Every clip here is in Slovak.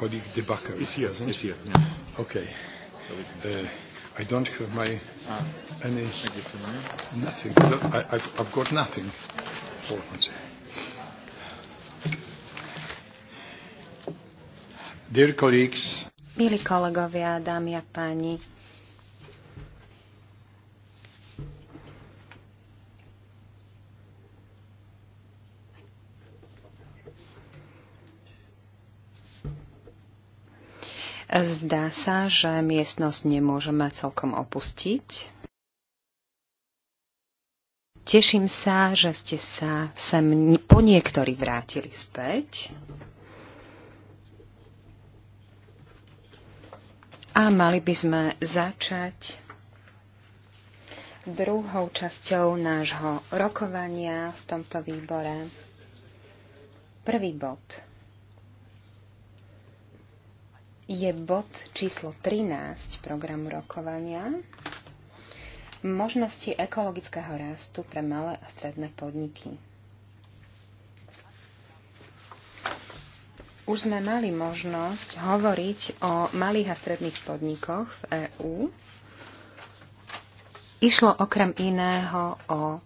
colleague De Backer is here, isn't is here, yeah. Okay. Uh, I don't have my ah, any Thank you for nothing. I, I've, I've got nothing. Four on. Dear colleagues. Milí kolegovia, dámy a páni, Zdá sa, že miestnosť nemôžeme celkom opustiť. Teším sa, že ste sa sem po niektorí vrátili späť. A mali by sme začať druhou časťou nášho rokovania v tomto výbore. Prvý bod je bod číslo 13 programu rokovania možnosti ekologického rastu pre malé a stredné podniky. Už sme mali možnosť hovoriť o malých a stredných podnikoch v EÚ. Išlo okrem iného o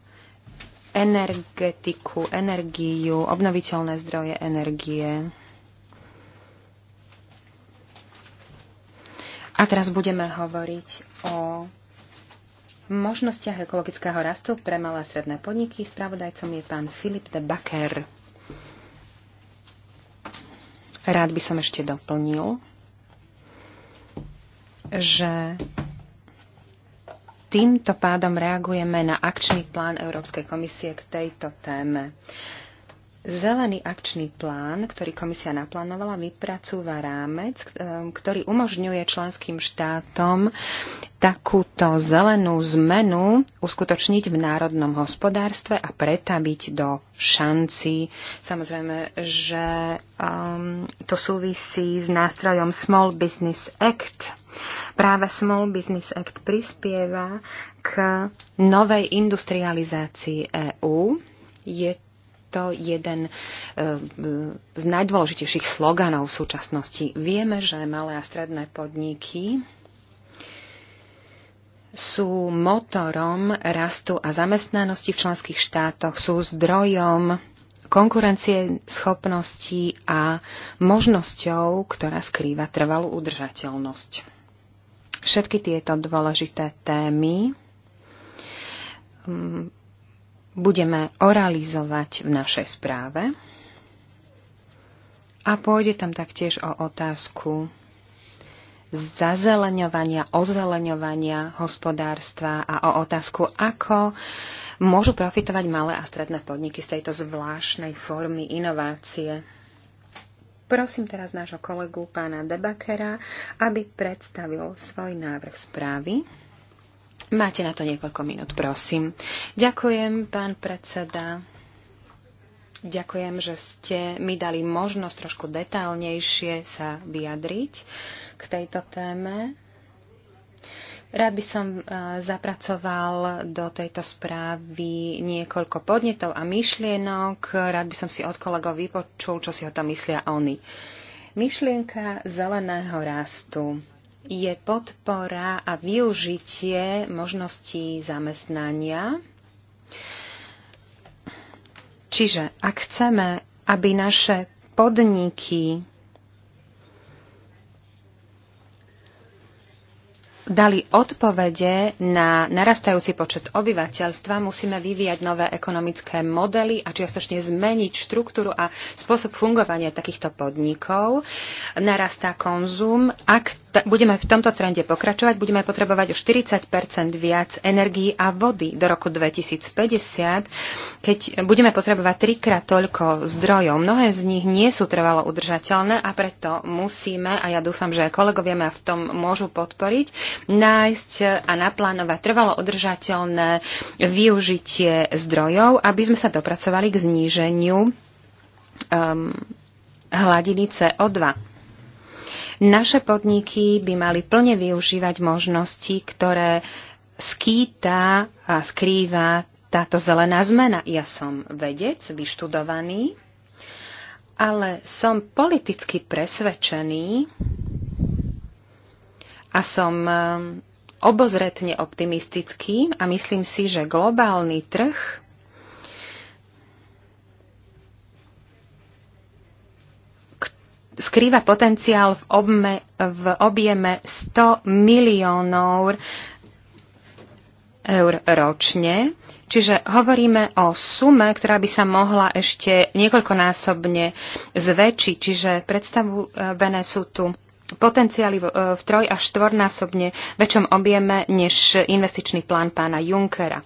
energetiku, energiu, obnoviteľné zdroje energie, A teraz budeme hovoriť o možnostiach ekologického rastu pre malé a sredné podniky. Spravodajcom je pán Filip de Baker. Rád by som ešte doplnil, že týmto pádom reagujeme na akčný plán Európskej komisie k tejto téme. Zelený akčný plán, ktorý komisia naplánovala, vypracúva rámec, ktorý umožňuje členským štátom takúto zelenú zmenu uskutočniť v národnom hospodárstve a pretaviť do šanci. Samozrejme, že um, to súvisí s nástrojom Small Business Act. Práve Small Business Act prispieva k novej industrializácii EÚ. Je to jeden e, z najdôležitejších sloganov v súčasnosti. Vieme, že malé a stredné podniky sú motorom rastu a zamestnanosti v členských štátoch, sú zdrojom konkurencie schopnosti a možnosťou, ktorá skrýva trvalú udržateľnosť. Všetky tieto dôležité témy budeme oralizovať v našej správe. A pôjde tam taktiež o otázku zazeleňovania, ozeleňovania hospodárstva a o otázku, ako môžu profitovať malé a stredné podniky z tejto zvláštnej formy inovácie. Prosím teraz nášho kolegu pána Debakera, aby predstavil svoj návrh správy. Máte na to niekoľko minút, prosím. Ďakujem, pán predseda. Ďakujem, že ste mi dali možnosť trošku detálnejšie sa vyjadriť k tejto téme. Rád by som e, zapracoval do tejto správy niekoľko podnetov a myšlienok. Rád by som si od kolegov vypočul, čo si o tom myslia oni. Myšlienka zeleného rastu je podpora a využitie možností zamestnania. Čiže ak chceme, aby naše podniky dali odpovede na narastajúci počet obyvateľstva, musíme vyvíjať nové ekonomické modely a čiastočne zmeniť štruktúru a spôsob fungovania takýchto podnikov. Narastá konzum. Ak budeme v tomto trende pokračovať, budeme potrebovať o 40 viac energií a vody do roku 2050, keď budeme potrebovať trikrát toľko zdrojov. Mnohé z nich nie sú trvalo udržateľné a preto musíme, a ja dúfam, že aj kolegovia ma v tom môžu podporiť, nájsť a naplánovať trvalo udržateľné využitie zdrojov, aby sme sa dopracovali k zníženiu um, hladiny CO2. Naše podniky by mali plne využívať možnosti, ktoré skýta a skrýva táto zelená zmena. Ja som vedec, vyštudovaný, ale som politicky presvedčený a som um, obozretne optimistický a myslím si, že globálny trh skrýva potenciál v, obme, v objeme 100 miliónov eur ročne. Čiže hovoríme o sume, ktorá by sa mohla ešte niekoľkonásobne zväčšiť. Čiže predstavené sú tu potenciály v, v troj až štvornásobne väčšom objeme než investičný plán pána Junckera.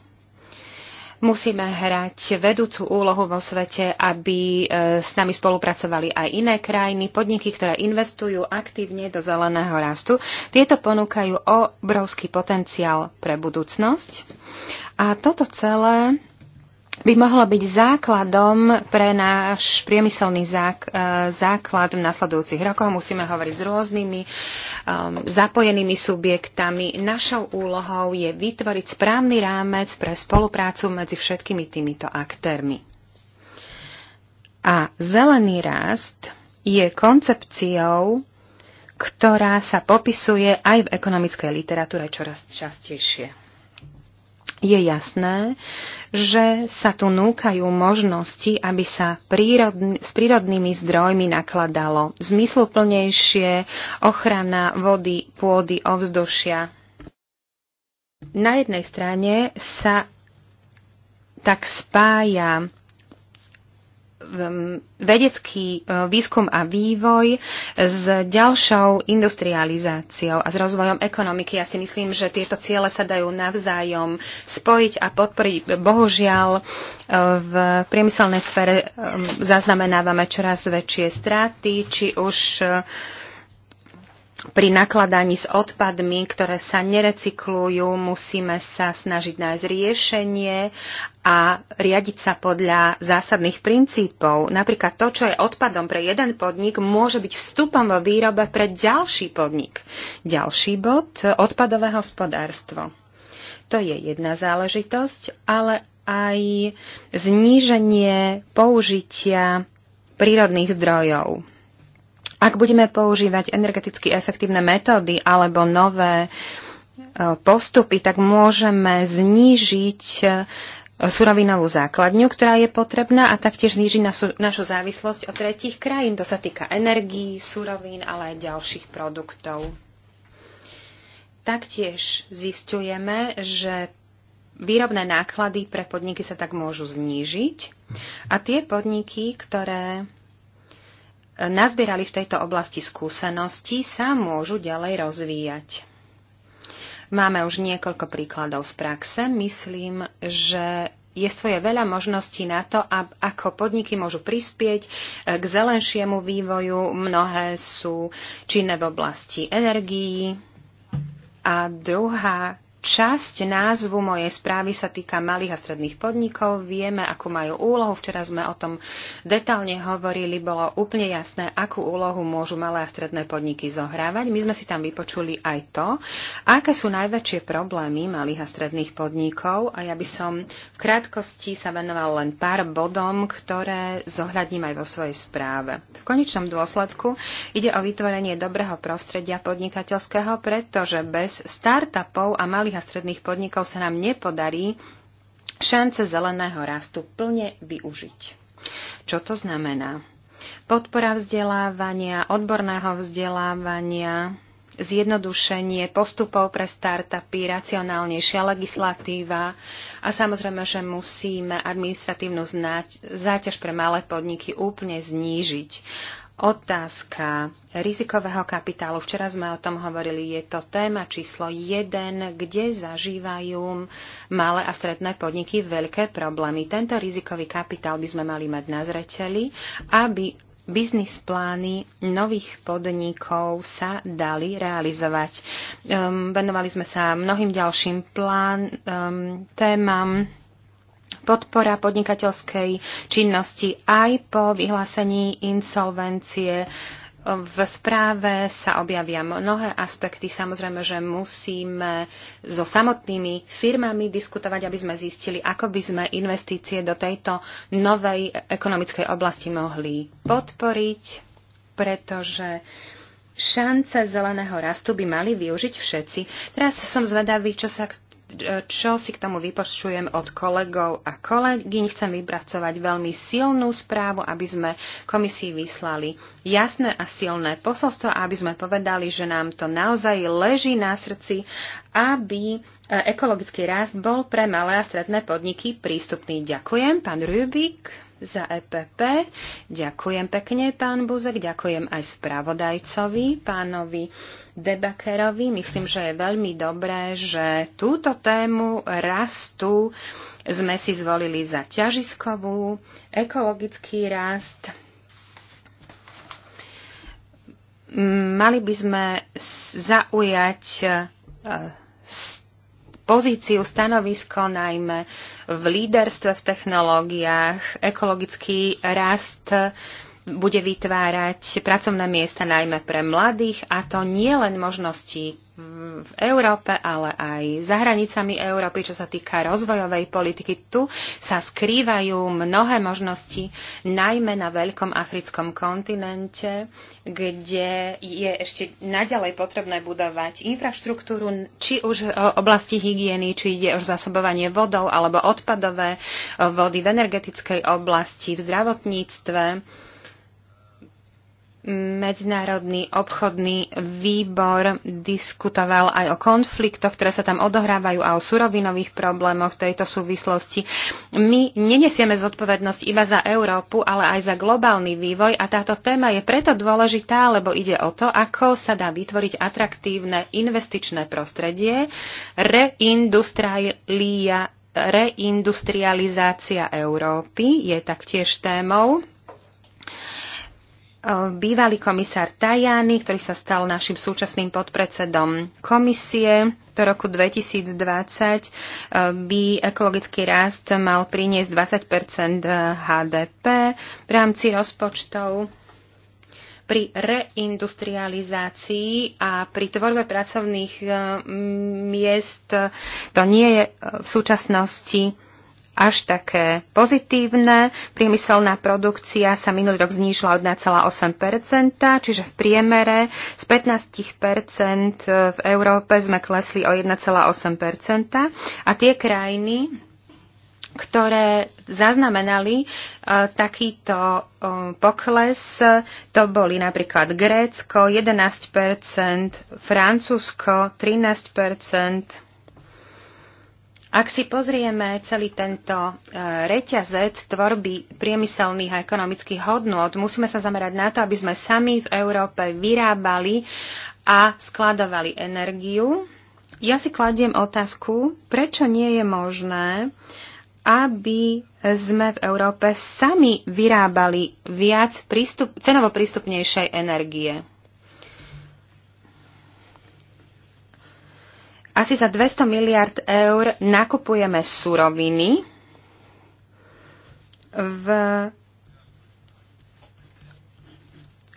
Musíme hrať vedúcu úlohu vo svete, aby e, s nami spolupracovali aj iné krajiny, podniky, ktoré investujú aktívne do zeleného rastu. Tieto ponúkajú obrovský potenciál pre budúcnosť. A toto celé by mohlo byť základom pre náš priemyselný zák, e, základ v nasledujúcich rokoch. Musíme hovoriť s rôznymi um, zapojenými subjektami. Našou úlohou je vytvoriť správny rámec pre spoluprácu medzi všetkými týmito aktérmi. A zelený rast je koncepciou, ktorá sa popisuje aj v ekonomickej literatúre čoraz častejšie je jasné, že sa tu núkajú možnosti, aby sa prírodn- s prírodnými zdrojmi nakladalo zmysluplnejšie ochrana vody, pôdy, ovzdušia. Na jednej strane sa tak spája Um, vedecký uh, výskum a vývoj s ďalšou industrializáciou a s rozvojom ekonomiky. Ja si myslím, že tieto ciele sa dajú navzájom spojiť a podporiť. Bohužiaľ, uh, v priemyselnej sfere um, zaznamenávame čoraz väčšie straty, či už uh, pri nakladaní s odpadmi, ktoré sa nerecyklujú, musíme sa snažiť nájsť riešenie a riadiť sa podľa zásadných princípov. Napríklad to, čo je odpadom pre jeden podnik, môže byť vstupom vo výrobe pre ďalší podnik. Ďalší bod, odpadové hospodárstvo. To je jedna záležitosť, ale aj zníženie použitia prírodných zdrojov ak budeme používať energeticky efektívne metódy alebo nové e, postupy, tak môžeme znížiť e, surovinovú základňu, ktorá je potrebná a taktiež zníži našu, našu závislosť od tretich krajín. To sa týka energií, surovín, ale aj ďalších produktov. Taktiež zistujeme, že výrobné náklady pre podniky sa tak môžu znížiť a tie podniky, ktoré nazbierali v tejto oblasti skúsenosti, sa môžu ďalej rozvíjať. Máme už niekoľko príkladov z praxe. Myslím, že je svoje veľa možností na to, ako podniky môžu prispieť e, k zelenšiemu vývoju. Mnohé sú činné v oblasti energií. A druhá Časť názvu mojej správy sa týka malých a stredných podnikov. Vieme, akú majú úlohu. Včera sme o tom detálne hovorili. Bolo úplne jasné, akú úlohu môžu malé a stredné podniky zohrávať. My sme si tam vypočuli aj to, aké sú najväčšie problémy malých a stredných podnikov. A ja by som v krátkosti sa venoval len pár bodom, ktoré zohľadním aj vo svojej správe. V konečnom dôsledku ide o vytvorenie dobrého prostredia podnikateľského, pretože bez startupov a malých malých a stredných podnikov sa nám nepodarí šance zeleného rastu plne využiť. Čo to znamená? Podpora vzdelávania, odborného vzdelávania, zjednodušenie postupov pre startupy, racionálnejšia legislatíva a samozrejme, že musíme administratívnu záťaž pre malé podniky úplne znížiť. Otázka rizikového kapitálu. Včera sme o tom hovorili. Je to téma číslo 1, kde zažívajú malé a stredné podniky veľké problémy. Tento rizikový kapitál by sme mali mať na zreteli, aby biznis plány nových podnikov sa dali realizovať. Um, venovali sme sa mnohým ďalším plán, um, témam, podpora podnikateľskej činnosti aj po vyhlásení insolvencie. V správe sa objavia mnohé aspekty. Samozrejme, že musíme so samotnými firmami diskutovať, aby sme zistili, ako by sme investície do tejto novej ekonomickej oblasti mohli podporiť, pretože šance zeleného rastu by mali využiť všetci. Teraz som zvedavý, čo sa k čo si k tomu vypočujem od kolegov a kolegyň. Chcem vypracovať veľmi silnú správu, aby sme komisii vyslali jasné a silné posolstvo, aby sme povedali, že nám to naozaj leží na srdci, aby e, ekologický rast bol pre malé a stredné podniky prístupný. Ďakujem, pán Rubik za EPP. Ďakujem pekne, pán Buzek, ďakujem aj spravodajcovi, pánovi Debakerovi. Myslím, že je veľmi dobré, že túto tému rastu sme si zvolili za ťažiskovú, ekologický rast. Mali by sme zaujať e, pozíciu, stanovisko najmä v líderstve v technológiách, ekologický rast bude vytvárať pracovné miesta najmä pre mladých a to nie len možnosti v Európe, ale aj za hranicami Európy, čo sa týka rozvojovej politiky. Tu sa skrývajú mnohé možnosti, najmä na veľkom africkom kontinente, kde je ešte naďalej potrebné budovať infraštruktúru, či už v oblasti hygieny, či ide už zasobovanie vodou alebo odpadové vody v energetickej oblasti, v zdravotníctve Medzinárodný obchodný výbor diskutoval aj o konfliktoch, ktoré sa tam odohrávajú a o surovinových problémoch v tejto súvislosti. My nenesieme zodpovednosť iba za Európu, ale aj za globálny vývoj a táto téma je preto dôležitá, lebo ide o to, ako sa dá vytvoriť atraktívne investičné prostredie, reindustrializácia Európy je taktiež témou bývalý komisár Tajani, ktorý sa stal našim súčasným podpredsedom komisie do roku 2020 by ekologický rast mal priniesť 20 HDP v rámci rozpočtov pri reindustrializácii a pri tvorbe pracovných miest to nie je v súčasnosti až také pozitívne. Priemyselná produkcia sa minulý rok znížila od 1,8%, čiže v priemere z 15% v Európe sme klesli o 1,8%. A tie krajiny, ktoré zaznamenali e, takýto e, pokles, to boli napríklad Grécko 11%, Francúzsko 13%, ak si pozrieme celý tento e, reťazec tvorby priemyselných a ekonomických hodnôt, musíme sa zamerať na to, aby sme sami v Európe vyrábali a skladovali energiu. Ja si kladiem otázku, prečo nie je možné, aby sme v Európe sami vyrábali viac prístup, cenovo prístupnejšej energie. asi za 200 miliard eur nakupujeme suroviny v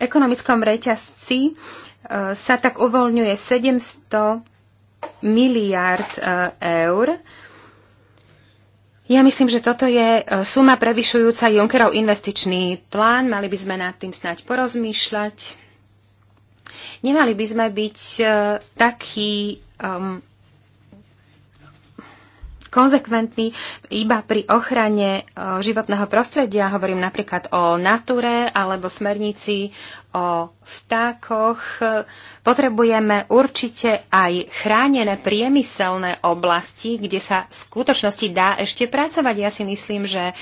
ekonomickom reťazci e, sa tak uvoľňuje 700 miliard e, eur. Ja myslím, že toto je e, suma prevyšujúca Junckerov investičný plán. Mali by sme nad tým snať porozmýšľať. Nemali by sme byť takí um, konzekventní iba pri ochrane e, životného prostredia. Hovorím napríklad o nature alebo smernici o vtákoch. Potrebujeme určite aj chránené priemyselné oblasti, kde sa v skutočnosti dá ešte pracovať. Ja si myslím, že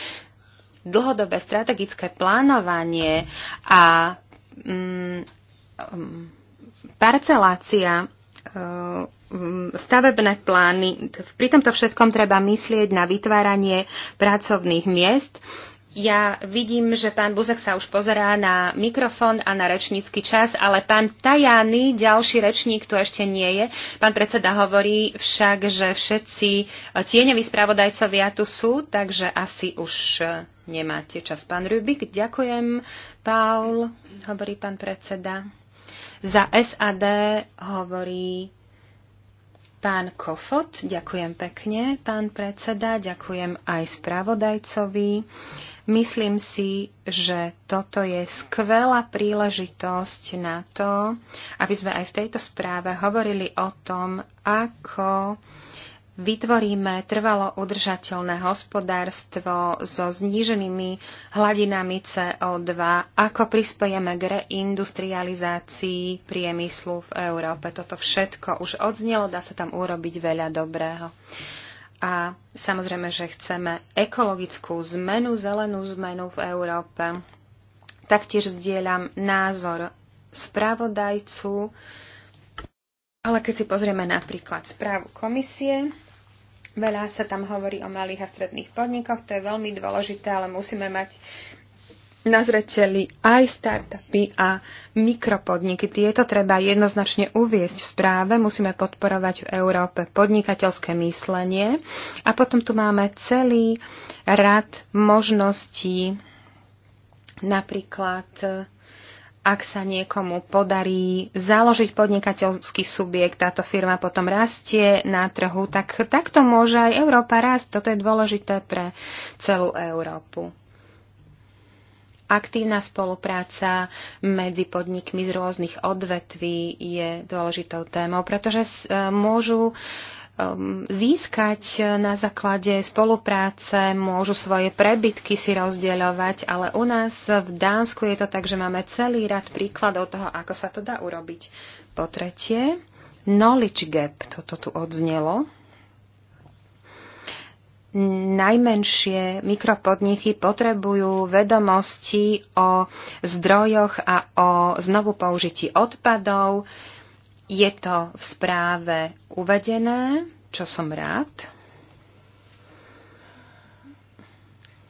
dlhodobé strategické plánovanie a mm, mm parcelácia E, stavebné plány. Pri tomto všetkom treba myslieť na vytváranie pracovných miest. Ja vidím, že pán Buzek sa už pozerá na mikrofón a na rečnícky čas, ale pán Tajany, ďalší rečník, tu ešte nie je. Pán predseda hovorí však, že všetci tieňoví spravodajcovia tu sú, takže asi už e, nemáte čas. Pán Rubik, ďakujem. Paul, hovorí pán predseda. Za SAD hovorí pán Kofot. Ďakujem pekne, pán predseda. Ďakujem aj spravodajcovi. Myslím si, že toto je skvelá príležitosť na to, aby sme aj v tejto správe hovorili o tom, ako vytvoríme trvalo udržateľné hospodárstvo so zníženými hladinami CO2, ako prispojeme k reindustrializácii priemyslu v Európe. Toto všetko už odznelo, dá sa tam urobiť veľa dobrého. A samozrejme, že chceme ekologickú zmenu, zelenú zmenu v Európe. Taktiež zdieľam názor spravodajcu, ale keď si pozrieme napríklad správu komisie, Veľa sa tam hovorí o malých a stredných podnikoch, to je veľmi dôležité, ale musíme mať na zreteli aj startupy a mikropodniky. Tieto treba jednoznačne uviesť v správe. Musíme podporovať v Európe podnikateľské myslenie. A potom tu máme celý rad možností, napríklad ak sa niekomu podarí založiť podnikateľský subjekt, táto firma potom rastie na trhu, tak takto môže aj Európa rásť. Toto je dôležité pre celú Európu. Aktívna spolupráca medzi podnikmi z rôznych odvetví je dôležitou témou, pretože môžu Um, získať na základe spolupráce, môžu svoje prebytky si rozdeľovať, ale u nás v Dánsku je to tak, že máme celý rad príkladov toho, ako sa to dá urobiť. Po tretie, knowledge gap, toto tu odznelo. Najmenšie mikropodniky potrebujú vedomosti o zdrojoch a o znovu použití odpadov, je to v správe uvedené, čo som rád.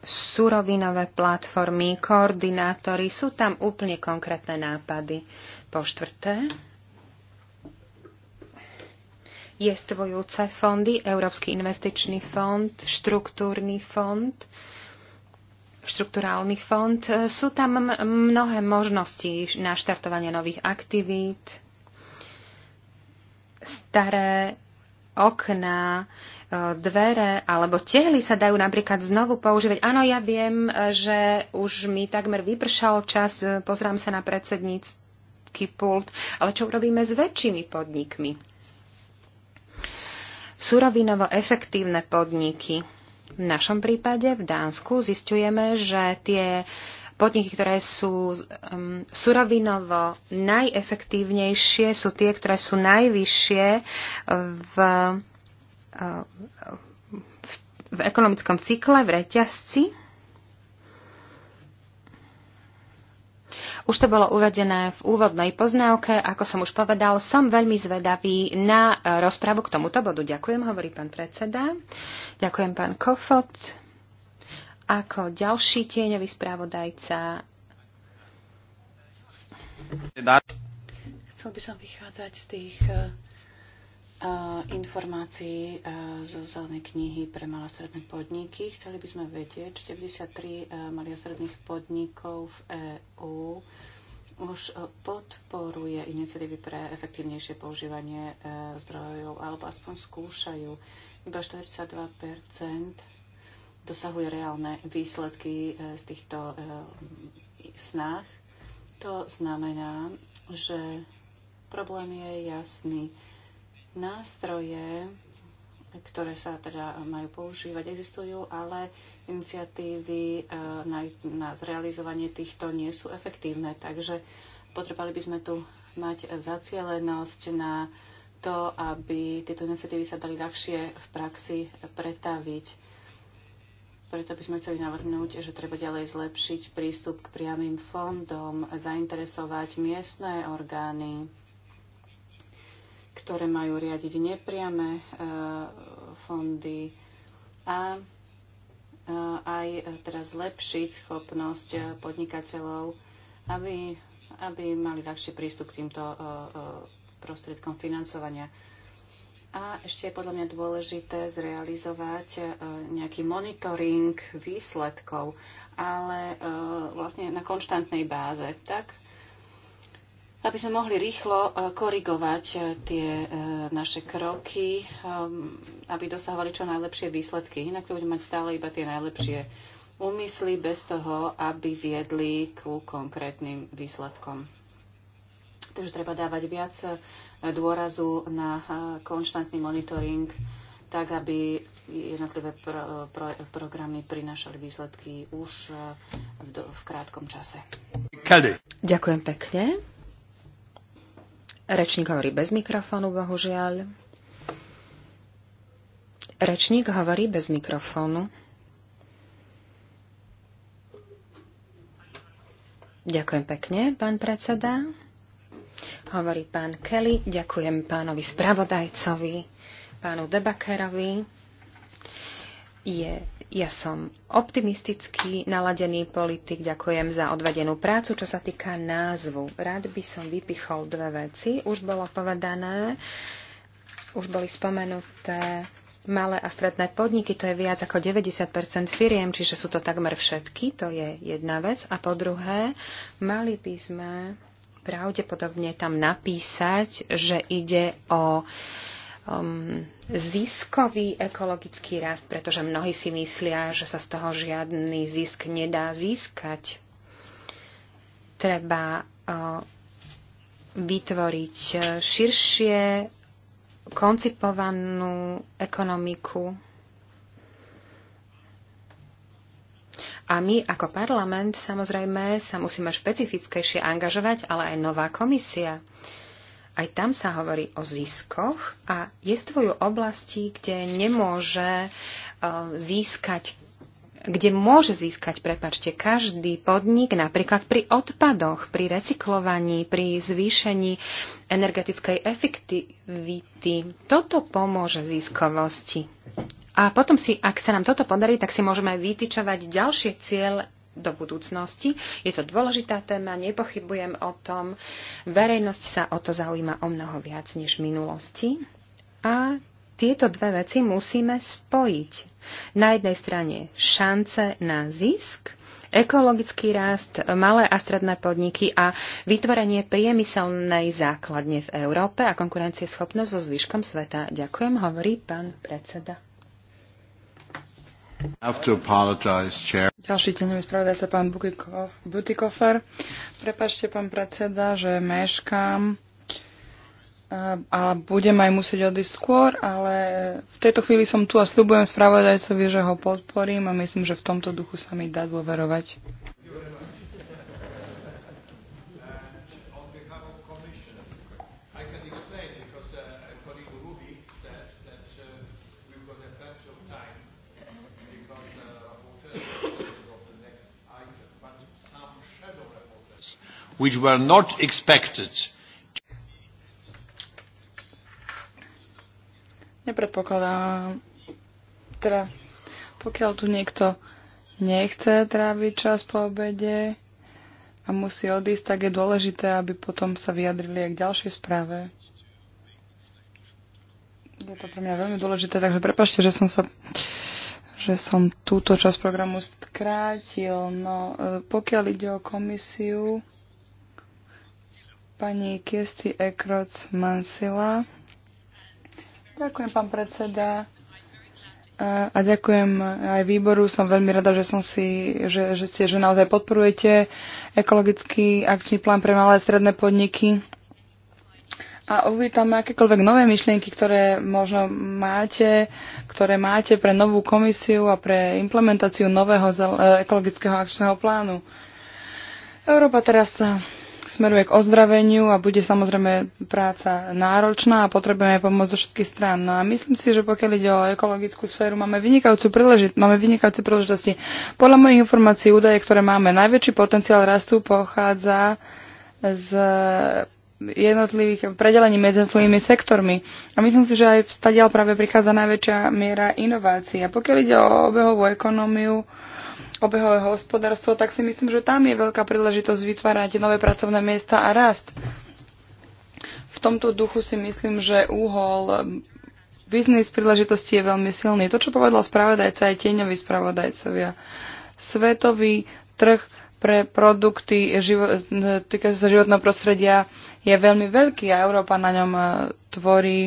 Surovinové platformy, koordinátory, sú tam úplne konkrétne nápady. Po štvrté, jestvujúce fondy, Európsky investičný fond, štruktúrny fond, štruktúrálny fond. Sú tam mnohé možnosti na štartovanie nových aktivít, staré okná, e, dvere alebo tehly sa dajú napríklad znovu používať. Áno, ja viem, e, že už mi takmer vypršal čas, e, pozrám sa na predsednícky pult, ale čo urobíme s väčšími podnikmi? Surovinovo efektívne podniky. V našom prípade v Dánsku zistujeme, že tie uh, podniky, ktoré sú um, surovinovo najefektívnejšie, sú tie, ktoré sú najvyššie v, uh, v, v ekonomickom cykle, v reťazci. Už to bolo uvedené v úvodnej poznávke. Ako som už povedal, som veľmi zvedavý na uh, rozpravu k tomuto bodu. Ďakujem, hovorí pán predseda. Ďakujem, pán Kofot ako ďalší tieňový správodajca. Chcel by som vychádzať z tých eh, eh, informácií eh, zo zelenej knihy pre malé stredné podniky. Chceli by sme vedieť, že 93 malých stredných podnikov v EÚ už podporuje iniciatívy pre efektívnejšie používanie zdrojov, alebo aspoň skúšajú. Iba 42 dosahuje reálne výsledky e, z týchto e, snách. To znamená, že problém je jasný. Nástroje, ktoré sa teda majú používať, existujú, ale iniciatívy e, na, na zrealizovanie týchto nie sú efektívne. Takže potrebali by sme tu mať zacielenosť na to, aby tieto iniciatívy sa dali ľahšie v praxi pretaviť preto by sme chceli navrhnúť, že treba ďalej zlepšiť prístup k priamým fondom, zainteresovať miestne orgány, ktoré majú riadiť nepriame e, fondy a e, aj teraz zlepšiť schopnosť podnikateľov, aby, aby mali ľahší prístup k týmto e, prostriedkom financovania. A ešte je podľa mňa dôležité zrealizovať e, nejaký monitoring výsledkov, ale e, vlastne na konštantnej báze, tak? Aby sme mohli rýchlo e, korigovať tie naše kroky, aby dosahovali čo najlepšie výsledky. Inak budeme mať stále iba tie najlepšie úmysly bez toho, aby viedli ku konkrétnym výsledkom. Takže treba dávať viac eh, dôrazu na eh, konštantný monitoring, tak aby jednotlivé pro, pro, programy prinášali výsledky už eh, v, do, v krátkom čase. Kali. Ďakujem pekne. Rečník hovorí bez mikrofónu, bohužiaľ. Rečník hovorí bez mikrofónu. Ďakujem pekne, pán predseda hovorí pán Kelly. Ďakujem pánovi spravodajcovi, pánu Debakerovi. Je, ja som optimistický, naladený politik. Ďakujem za odvedenú prácu. Čo sa týka názvu, rád by som vypichol dve veci. Už bolo povedané, už boli spomenuté malé a stredné podniky, to je viac ako 90 firiem, čiže sú to takmer všetky, to je jedna vec. A po druhé, mali by sme pravdepodobne tam napísať, že ide o um, ziskový ekologický rast, pretože mnohí si myslia, že sa z toho žiadny zisk nedá získať. Treba uh, vytvoriť širšie koncipovanú ekonomiku A my ako parlament samozrejme sa musíme špecifickejšie angažovať, ale aj nová komisia. Aj tam sa hovorí o ziskoch a je stvojú oblasti, kde nemôže eh, získať kde môže získať, prepačte, každý podnik, napríklad pri odpadoch, pri recyklovaní, pri zvýšení energetickej efektivity. Toto pomôže ziskovosti. A potom si, ak sa nám toto podarí, tak si môžeme vytýčovať ďalšie cieľ do budúcnosti. Je to dôležitá téma, nepochybujem o tom. Verejnosť sa o to zaujíma o mnoho viac než v minulosti. A tieto dve veci musíme spojiť. Na jednej strane šance na zisk, ekologický rast, malé a stredné podniky a vytvorenie priemyselnej základne v Európe a konkurencieschopnosť so zvyškom sveta. Ďakujem, hovorí pán predseda. Ďalší deň spravodaj sa pán Butikofer. Prepačte, pán predseda, že meškám eh, a budem aj musieť odísť skôr, ale v tejto chvíli som tu a sľubujem spravodajcovi, že ho podporím a myslím, že v tomto duchu sa mi dá dôverovať. which were not expected. Nepredpokladám, teda pokiaľ tu niekto nechce tráviť čas po obede a musí odísť, tak je dôležité, aby potom sa vyjadrili aj k ďalšej správe. Je to pre mňa veľmi dôležité, takže prepašte, že som sa že som túto časť programu skrátil. No, e, pokiaľ ide o komisiu, pani Kirsty Ekroc Mansila. Ďakujem, pán predseda. A ďakujem aj výboru. Som veľmi rada, že, som si, že, že ste že naozaj podporujete ekologický akčný plán pre malé a stredné podniky. A uvítame akékoľvek nové myšlienky, ktoré možno máte, ktoré máte pre novú komisiu a pre implementáciu nového e, ekologického akčného plánu. Európa teraz smeruje k ozdraveniu a bude samozrejme práca náročná a potrebujeme pomoc zo všetkých strán. No a myslím si, že pokiaľ ide o ekologickú sféru, máme, vynikajúcu príležit- máme vynikajúce príležitosti. Podľa mojich informácií údaje, ktoré máme, najväčší potenciál rastu pochádza z jednotlivých predelení medzi jednotlivými sektormi. A myslím si, že aj vstadiaľ práve prichádza najväčšia miera inovácií. A pokiaľ ide o obehovú ekonómiu, obehové hospodárstvo, tak si myslím, že tam je veľká príležitosť vytvárať nové pracovné miesta a rast. V tomto duchu si myslím, že úhol eh, biznis príležitosti je veľmi silný. To, čo povedal spravodajca aj tieňoví spravodajcovia. Svetový trh pre produkty živo- eh, týkajúce sa životného prostredia je veľmi veľký a Európa na ňom eh, tvorí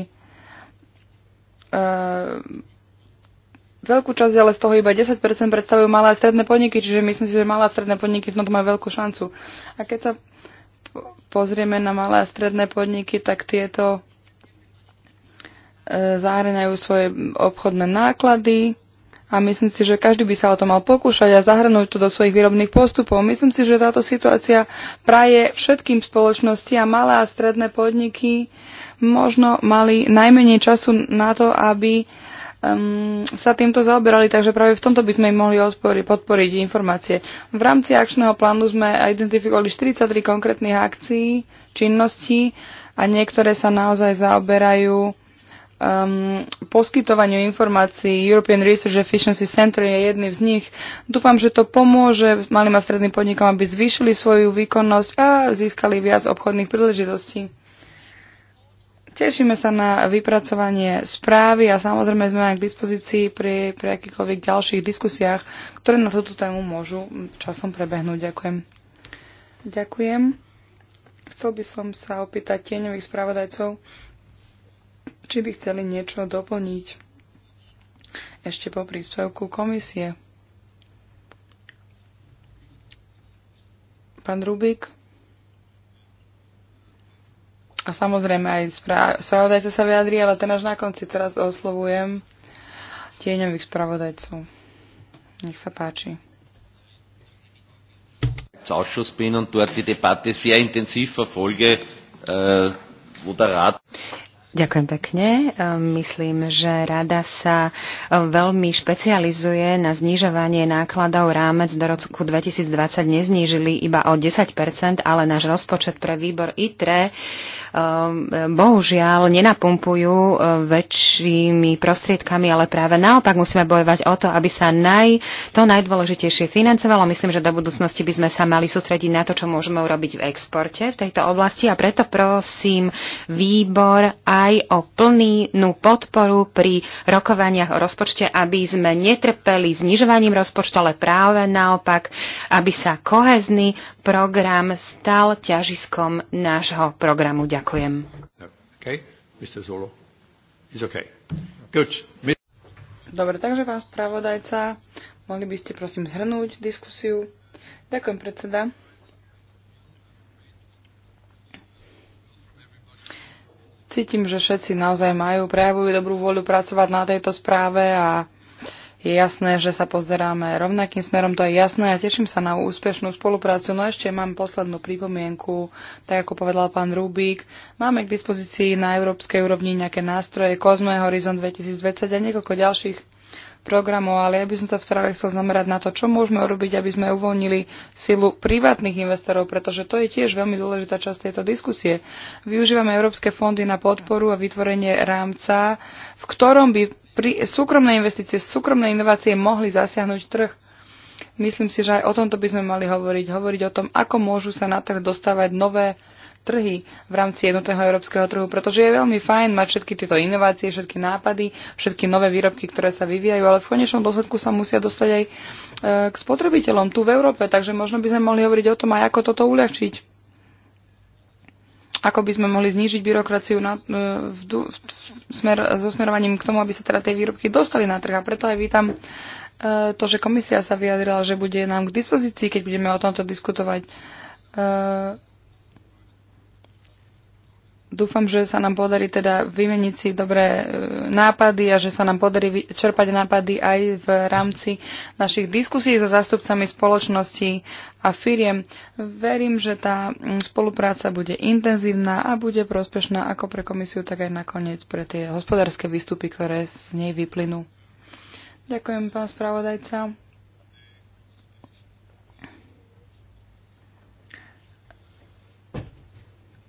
Veľkú časť, ale z toho iba 10% predstavujú malé a stredné podniky, čiže myslím si, že malé a stredné podniky v tomto majú veľkú šancu. A keď sa pozrieme na malé a stredné podniky, tak tieto e, zahrňajú svoje obchodné náklady a myslím si, že každý by sa o to mal pokúšať a zahrnúť to do svojich výrobných postupov. Myslím si, že táto situácia praje všetkým spoločnosti a malé a stredné podniky možno mali najmenej času na to, aby um, sa týmto zaoberali, takže práve v tomto by sme im mohli odpori- podporiť informácie. V rámci akčného plánu sme identifikovali 43 konkrétnych akcií, činností a niektoré sa naozaj zaoberajú um, poskytovaniu informácií. European Research Efficiency Center je jedným z nich. Dúfam, že to pomôže malým a stredným podnikom, aby zvýšili svoju výkonnosť a získali viac obchodných príležitostí. Tešíme sa na vypracovanie správy a samozrejme sme aj k dispozícii pri, pri akýchkoľvek ďalších diskusiách, ktoré na túto tému môžu časom prebehnúť. Ďakujem. Ďakujem. Chcel by som sa opýtať tieňových spravodajcov, či by chceli niečo doplniť ešte po príspevku komisie. Pán Rubik. A samozrejme aj spravodajca sa vyjadri, ale ten až na konci teraz oslovujem tieňových spravodajcov. Nech sa páči. Äh, Ďakujem pekne. Äh, myslím, že rada sa äh, veľmi špecializuje na znižovanie nákladov rámec do roku 2020 neznížili iba o 10%, ale náš rozpočet pre výbor ITRE Ehm, bohužiaľ nenapumpujú e, väčšími prostriedkami, ale práve naopak musíme bojovať o to, aby sa naj, to najdôležitejšie financovalo. Myslím, že do budúcnosti by sme sa mali sústrediť na to, čo môžeme urobiť v exporte v tejto oblasti a preto prosím výbor aj o plnú podporu pri rokovaniach o rozpočte, aby sme netrpeli znižovaním rozpočtu, ale práve naopak, aby sa kohezný program stal ťažiskom nášho programu. Ďakujem. Ďakujem. Okay. Mr. Zolo. It's okay. Good. Dobre, takže pán spravodajca, mohli by ste prosím zhrnúť diskusiu. Ďakujem, predseda. Cítim, že všetci naozaj majú, prejavujú dobrú vôľu pracovať na tejto správe a je jasné, že sa pozeráme rovnakým smerom, to je jasné a teším sa na úspešnú spoluprácu. No ešte mám poslednú pripomienku, tak ako povedal pán Rubík, máme k dispozícii na európskej úrovni nejaké nástroje Kozme Horizon 2020 a niekoľko ďalších programov, ale ja by som sa práve chcel zamerať na to, čo môžeme urobiť, aby sme uvoľnili silu privátnych investorov, pretože to je tiež veľmi dôležitá časť tejto diskusie. Využívame európske fondy na podporu a vytvorenie rámca, v ktorom by pri súkromné investície, súkromné inovácie mohli zasiahnuť trh. Myslím si, že aj o tomto by sme mali hovoriť. Hovoriť o tom, ako môžu sa na trh dostávať nové trhy v rámci jednotného európskeho trhu, pretože je veľmi fajn mať všetky tieto inovácie, všetky nápady, všetky nové výrobky, ktoré sa vyvíjajú, ale v konečnom dôsledku sa musia dostať aj e, k spotrebiteľom tu v Európe, takže možno by sme mohli hovoriť o tom aj ako toto uľahčiť. Ako by sme mohli znížiť byrokraciu na, e, v, v, smer, so smerovaním k tomu, aby sa teda tie výrobky dostali na trh. A preto aj vítam e, to, že komisia sa vyjadrila, že bude nám k dispozícii, keď budeme o tomto diskutovať Dúfam, že sa nám podarí teda vymeniť si dobré e, nápady a že sa nám podarí čerpať nápady aj v rámci našich diskusí so zástupcami spoločnosti a firiem. Verím, že tá spolupráca bude intenzívna a bude prospešná ako pre komisiu, tak aj nakoniec pre tie hospodárske výstupy, ktoré z nej vyplynú. Ďakujem, pán spravodajca.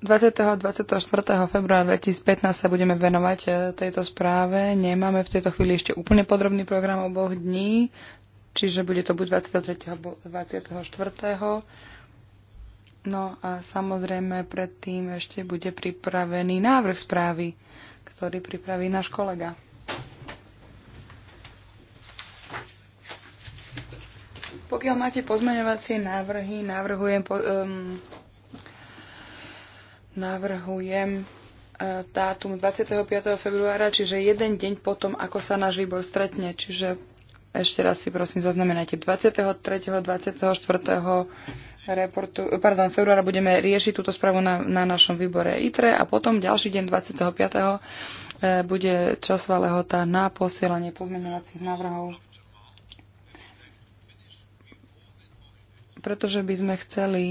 20. a 24. februára 2015 sa budeme venovať e, tejto správe. Nemáme v tejto chvíli ešte úplne podrobný program oboch dní, čiže bude to buď 23. alebo 24. No a samozrejme predtým ešte bude pripravený návrh správy, ktorý pripraví náš kolega. Pokiaľ máte pozmeňovacie návrhy, navrhujem po, um, Navrhujem e, dátum 25. februára, čiže jeden deň potom, ako sa náš výbor stretne. Čiže ešte raz si prosím zaznamenajte 23. 24. Reportu, pardon, februára budeme riešiť túto správu na, na našom výbore ITRE a potom ďalší deň 25. E, bude časová lehota na posielanie pozmeňovacích návrhov. Pretože by sme chceli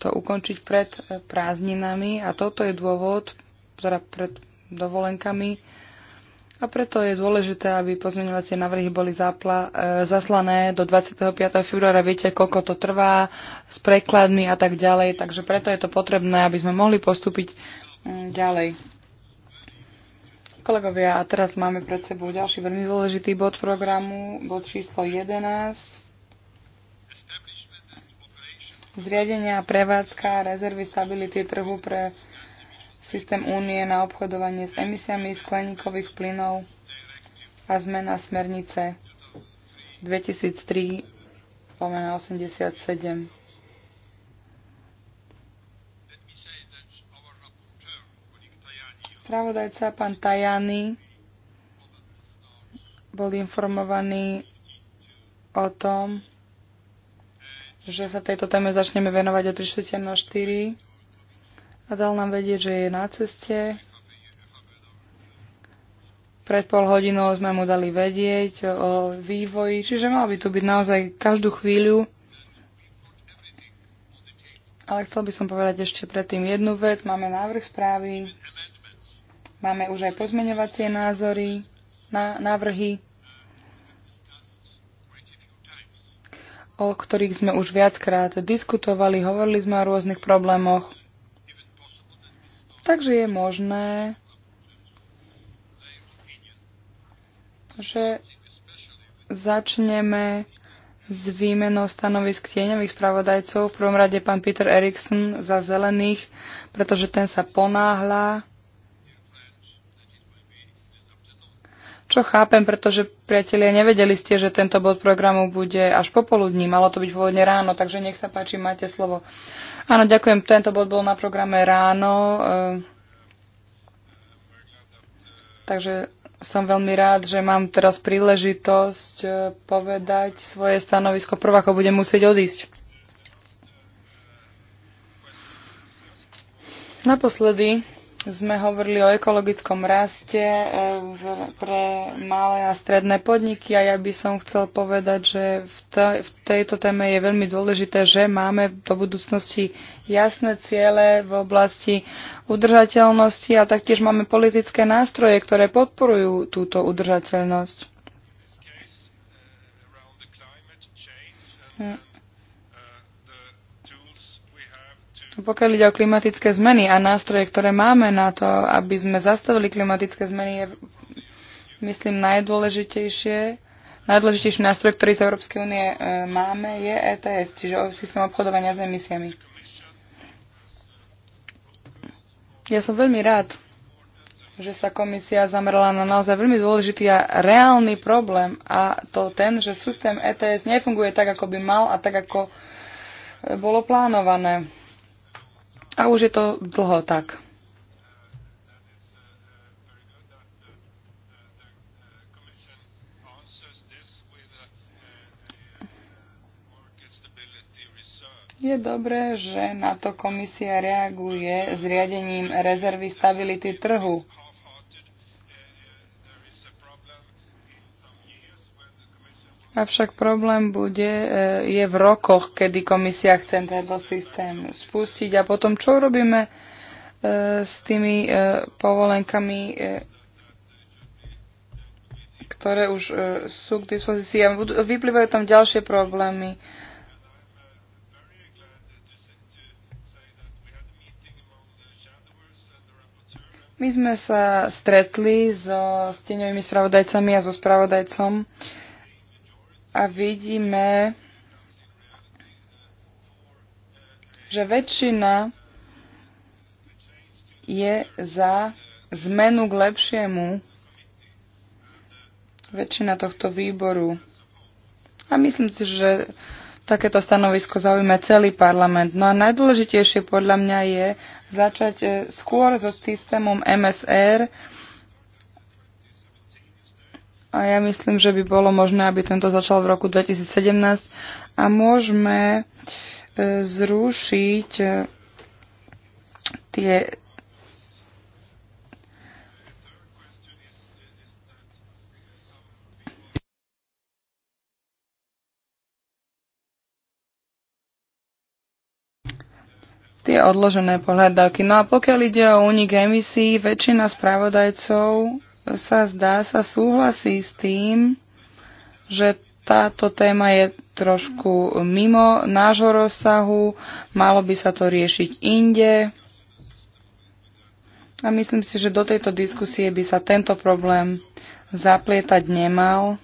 to ukončiť pred eh, prázdninami a toto je dôvod, teda pred dovolenkami. A preto je dôležité, aby pozmeňovacie návrhy boli zapla, e, zaslané do 25. februára. Viete, koľko to trvá s prekladmi a tak ďalej. Takže preto je to potrebné, aby sme mohli postúpiť mm, ďalej. Kolegovia, a teraz máme pred sebou ďalší veľmi dôležitý bod programu, bod číslo 11 zriadenia, prevádzka rezervy stability trhu pre systém únie na obchodovanie s emisiami skleníkových plynov a zmena smernice 2003 87. Spravodajca pán Tajani bol informovaný o tom, že sa tejto téme začneme venovať o 3 na 4 a dal nám vedieť, že je na ceste. Pred pol hodinou sme mu dali vedieť o vývoji, čiže mal by tu byť naozaj každú chvíľu. Ale chcel by som povedať ešte predtým jednu vec. Máme návrh správy, máme už aj pozmeňovacie názory, na, návrhy. o ktorých sme už viackrát diskutovali, hovorili sme o rôznych problémoch. Takže je možné, že začneme s výmenou stanovisk tieňových spravodajcov. V prvom rade pán Peter Eriksson za zelených, pretože ten sa ponáhla Čo chápem, pretože priatelia, nevedeli ste, že tento bod programu bude až popoludní, malo to byť pôvodne ráno, takže nech sa páči, máte slovo. Áno, ďakujem, tento bod bol na programe ráno, eh, takže som veľmi rád, že mám teraz príležitosť eh, povedať svoje stanovisko prvá, ako budem musieť odísť. Naposledy sme hovorili o ekologickom raste e, pre malé a stredné podniky a ja by som chcel povedať, že v tejto téme je veľmi dôležité, že máme do budúcnosti jasné ciele v oblasti udržateľnosti a taktiež máme politické nástroje, ktoré podporujú túto udržateľnosť. Hm Pokiaľ ide o klimatické zmeny a nástroje, ktoré máme na to, aby sme zastavili klimatické zmeny, je, myslím, najdôležitejšie. Najdôležitejší nástroj, ktorý z Európskej únie e, máme, je ETS, čiže systém obchodovania s emisiami. Ja som veľmi rád, že sa komisia zamerala na naozaj veľmi dôležitý a reálny problém a to ten, že systém ETS nefunguje tak, ako by mal a tak, ako e, bolo plánované. A už je to dlho tak. Je dobré, že na to komisia reaguje zriadením rezervy stability trhu. Avšak problém bude, e, je v rokoch, kedy komisia chce tento systém spustiť a potom čo robíme e, s tými e, povolenkami, ktoré už sú k dispozícii a vyplývajú tam ďalšie problémy. My sme sa stretli so steňovými spravodajcami a so spravodajcom uh, a vidíme, že väčšina je za zmenu k lepšiemu. Väčšina tohto výboru. A myslím si, že takéto stanovisko zaujíme celý parlament. No a najdôležitejšie podľa mňa je začať eh, skôr so systémom MSR, a ja myslím, že by bolo možné, aby tento začal v roku 2017 a môžeme e, zrušiť e, tie tie odložené pohľadávky. No a pokiaľ ide o únik emisí, väčšina spravodajcov sa zdá, sa súhlasí s tým, že táto téma je trošku mimo nášho rozsahu, malo by sa to riešiť inde. A myslím si, že do tejto diskusie by sa tento problém zaplietať nemal.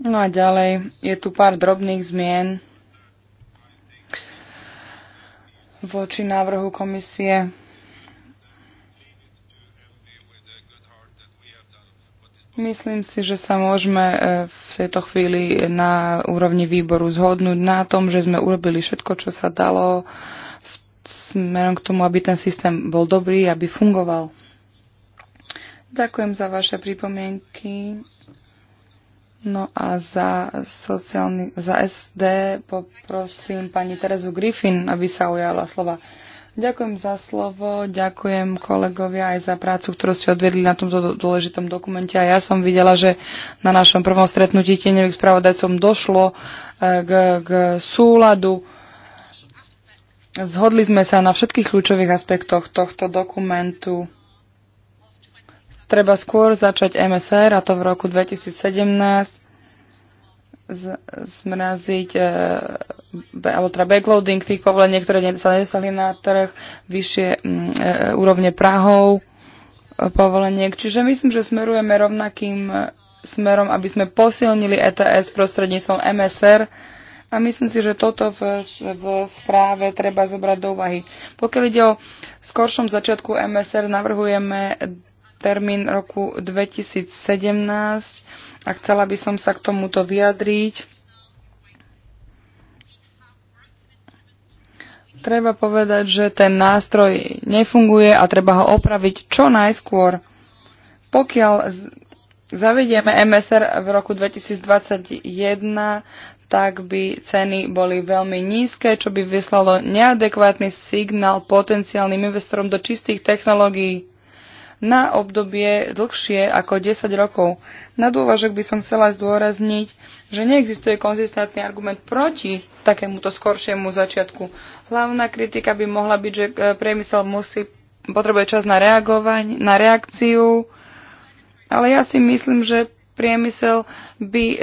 No a ďalej je tu pár drobných zmien voči návrhu komisie. Myslím si, že sa môžeme e, v tejto chvíli na úrovni výboru zhodnúť na tom, že sme urobili všetko, čo sa dalo smerom k tomu, aby ten systém bol dobrý, aby fungoval. Ďakujem za vaše pripomienky. No a za, sociálny, za SD poprosím pani Terezu Griffin, aby sa ujala slova. Ďakujem za slovo, ďakujem kolegovia aj za prácu, ktorú ste odvedli na tomto dôležitom dokumente. A ja som videla, že na našom prvom stretnutí tieňových spravodajcom došlo e, k, k súladu. Zhodli sme sa na všetkých kľúčových aspektoch tohto dokumentu treba skôr začať MSR, a to v roku 2017, zmraziť e, alebo teda backloading tých povolení, ktoré sa nedostali na trh, vyššie e, úrovne Prahov e, povoleniek. Čiže myslím, že smerujeme rovnakým e, smerom, aby sme posilnili ETS prostredníctvom MSR a myslím si, že toto v, v správe treba zobrať do úvahy. Pokiaľ ide o skoršom začiatku MSR, navrhujeme termín roku 2017 a chcela by som sa k tomuto vyjadriť. Treba povedať, že ten nástroj nefunguje a treba ho opraviť čo najskôr. Pokiaľ zavedieme MSR v roku 2021, tak by ceny boli veľmi nízke, čo by vyslalo neadekvátny signál potenciálnym investorom do čistých technológií na obdobie dlhšie ako 10 rokov. Na dôvažok by som chcela zdôrazniť, že neexistuje konzistentný argument proti takémuto skoršiemu začiatku. Hlavná kritika by mohla byť, že e, priemysel musí, potrebuje čas na, reagovanie, na reakciu, ale ja si myslím, že priemysel by e,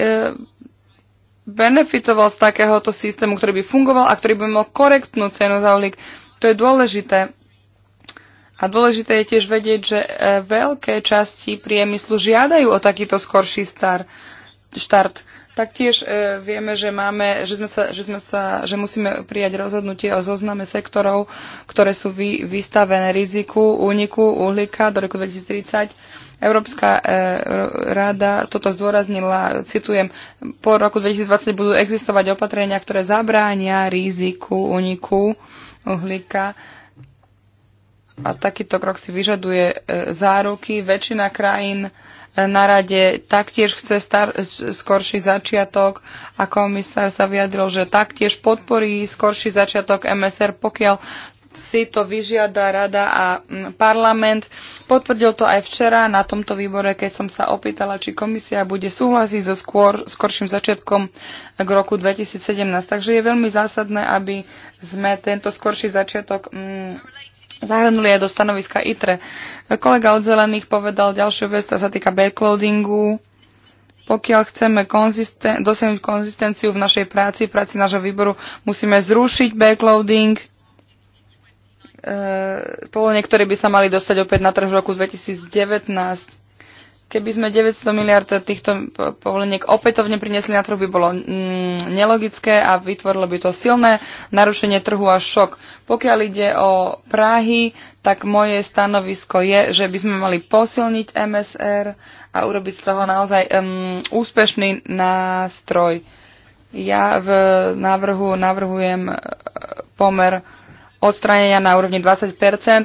benefitoval z takéhoto systému, ktorý by fungoval a ktorý by mal korektnú cenu za uhlík. To je dôležité. A dôležité je tiež vedieť, že e, veľké časti priemyslu žiadajú o takýto skorší star, štart. Taktiež e, vieme, že, máme, že, sme sa, že, sme sa, že musíme prijať rozhodnutie o zozname sektorov, ktoré sú vy, vystavené riziku úniku uhlíka do roku 2030. Európska e, rada toto zdôraznila, citujem, po roku 2020 budú existovať opatrenia, ktoré zabránia riziku úniku uhlíka a takýto krok si vyžaduje e, záruky. Väčšina krajín e, na rade taktiež chce star- skorší začiatok a komisár sa vyjadril, že taktiež podporí skorší začiatok MSR, pokiaľ si to vyžiada rada a parlament. Potvrdil to aj včera na tomto výbore, keď som sa opýtala, či komisia bude súhlasiť so skôr, skorším začiatkom e, k roku 2017. Takže je veľmi zásadné, aby sme tento skorší začiatok mm, zahrnuli aj do stanoviska ITRE. Kolega od zelených povedal ďalšiu vec, ktorá sa týka backloadingu. Pokiaľ chceme konzisten- dosiahnuť konzistenciu v našej práci, v práci nášho výboru, musíme zrušiť backloading. E, povolenie, ktoré by sa mali dostať opäť na trh v roku 2019 keby sme 900 miliard týchto povoleniek opätovne priniesli na trh, by bolo mm, nelogické a vytvorilo by to silné narušenie trhu a šok. Pokiaľ ide o Prahy, tak moje stanovisko je, že by sme mali posilniť MSR a urobiť z toho naozaj um, úspešný nástroj. Ja v návrhu navrhujem e, pomer odstránenia na úrovni 20%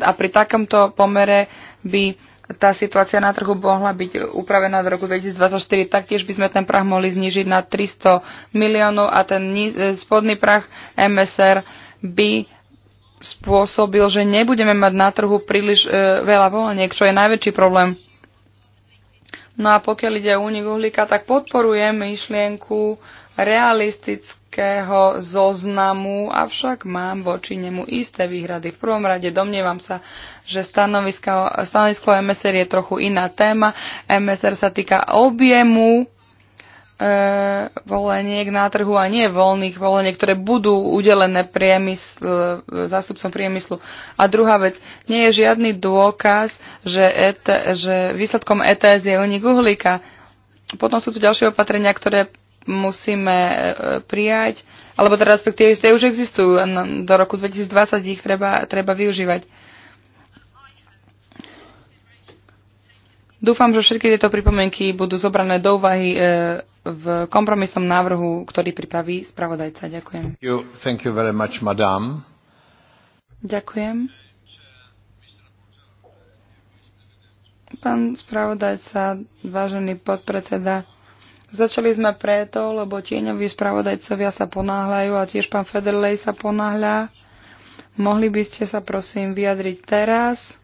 a pri takomto pomere by tá situácia na trhu mohla byť upravená do roku 2024, taktiež by sme ten prah mohli znižiť na 300 miliónov a ten e, spodný prah MSR by spôsobil, že nebudeme mať na trhu príliš e, veľa volaniek, čo je najväčší problém. No a pokiaľ ide o únik uhlíka, tak podporujem myšlienku realistickú nejakého zoznamu, avšak mám voči nemu isté výhrady. V prvom rade domnievam sa, že stanovisko MSR je trochu iná téma. MSR sa týka objemu e, voleniek na trhu a nie voľných voleniek, ktoré budú udelené priemysl, zástupcom priemyslu. A druhá vec, nie je žiadny dôkaz, že, et, že výsledkom ETS je unik uhlíka. Potom sú tu ďalšie opatrenia, ktoré musíme e, prijať, alebo teda respektíve tie už existujú, do roku 2020 ich treba, treba využívať. Dúfam, že všetky tieto pripomienky budú zobrané do úvahy e, v kompromisnom návrhu, ktorý pripraví spravodajca. Ďakujem. Thank you, thank you very much, madam. Ďakujem. Pán spravodajca, vážený podpredseda, Začali sme preto, lebo tieňoví spravodajcovia sa ponáhľajú a tiež pán Federlej sa ponáhľa. Mohli by ste sa prosím vyjadriť teraz?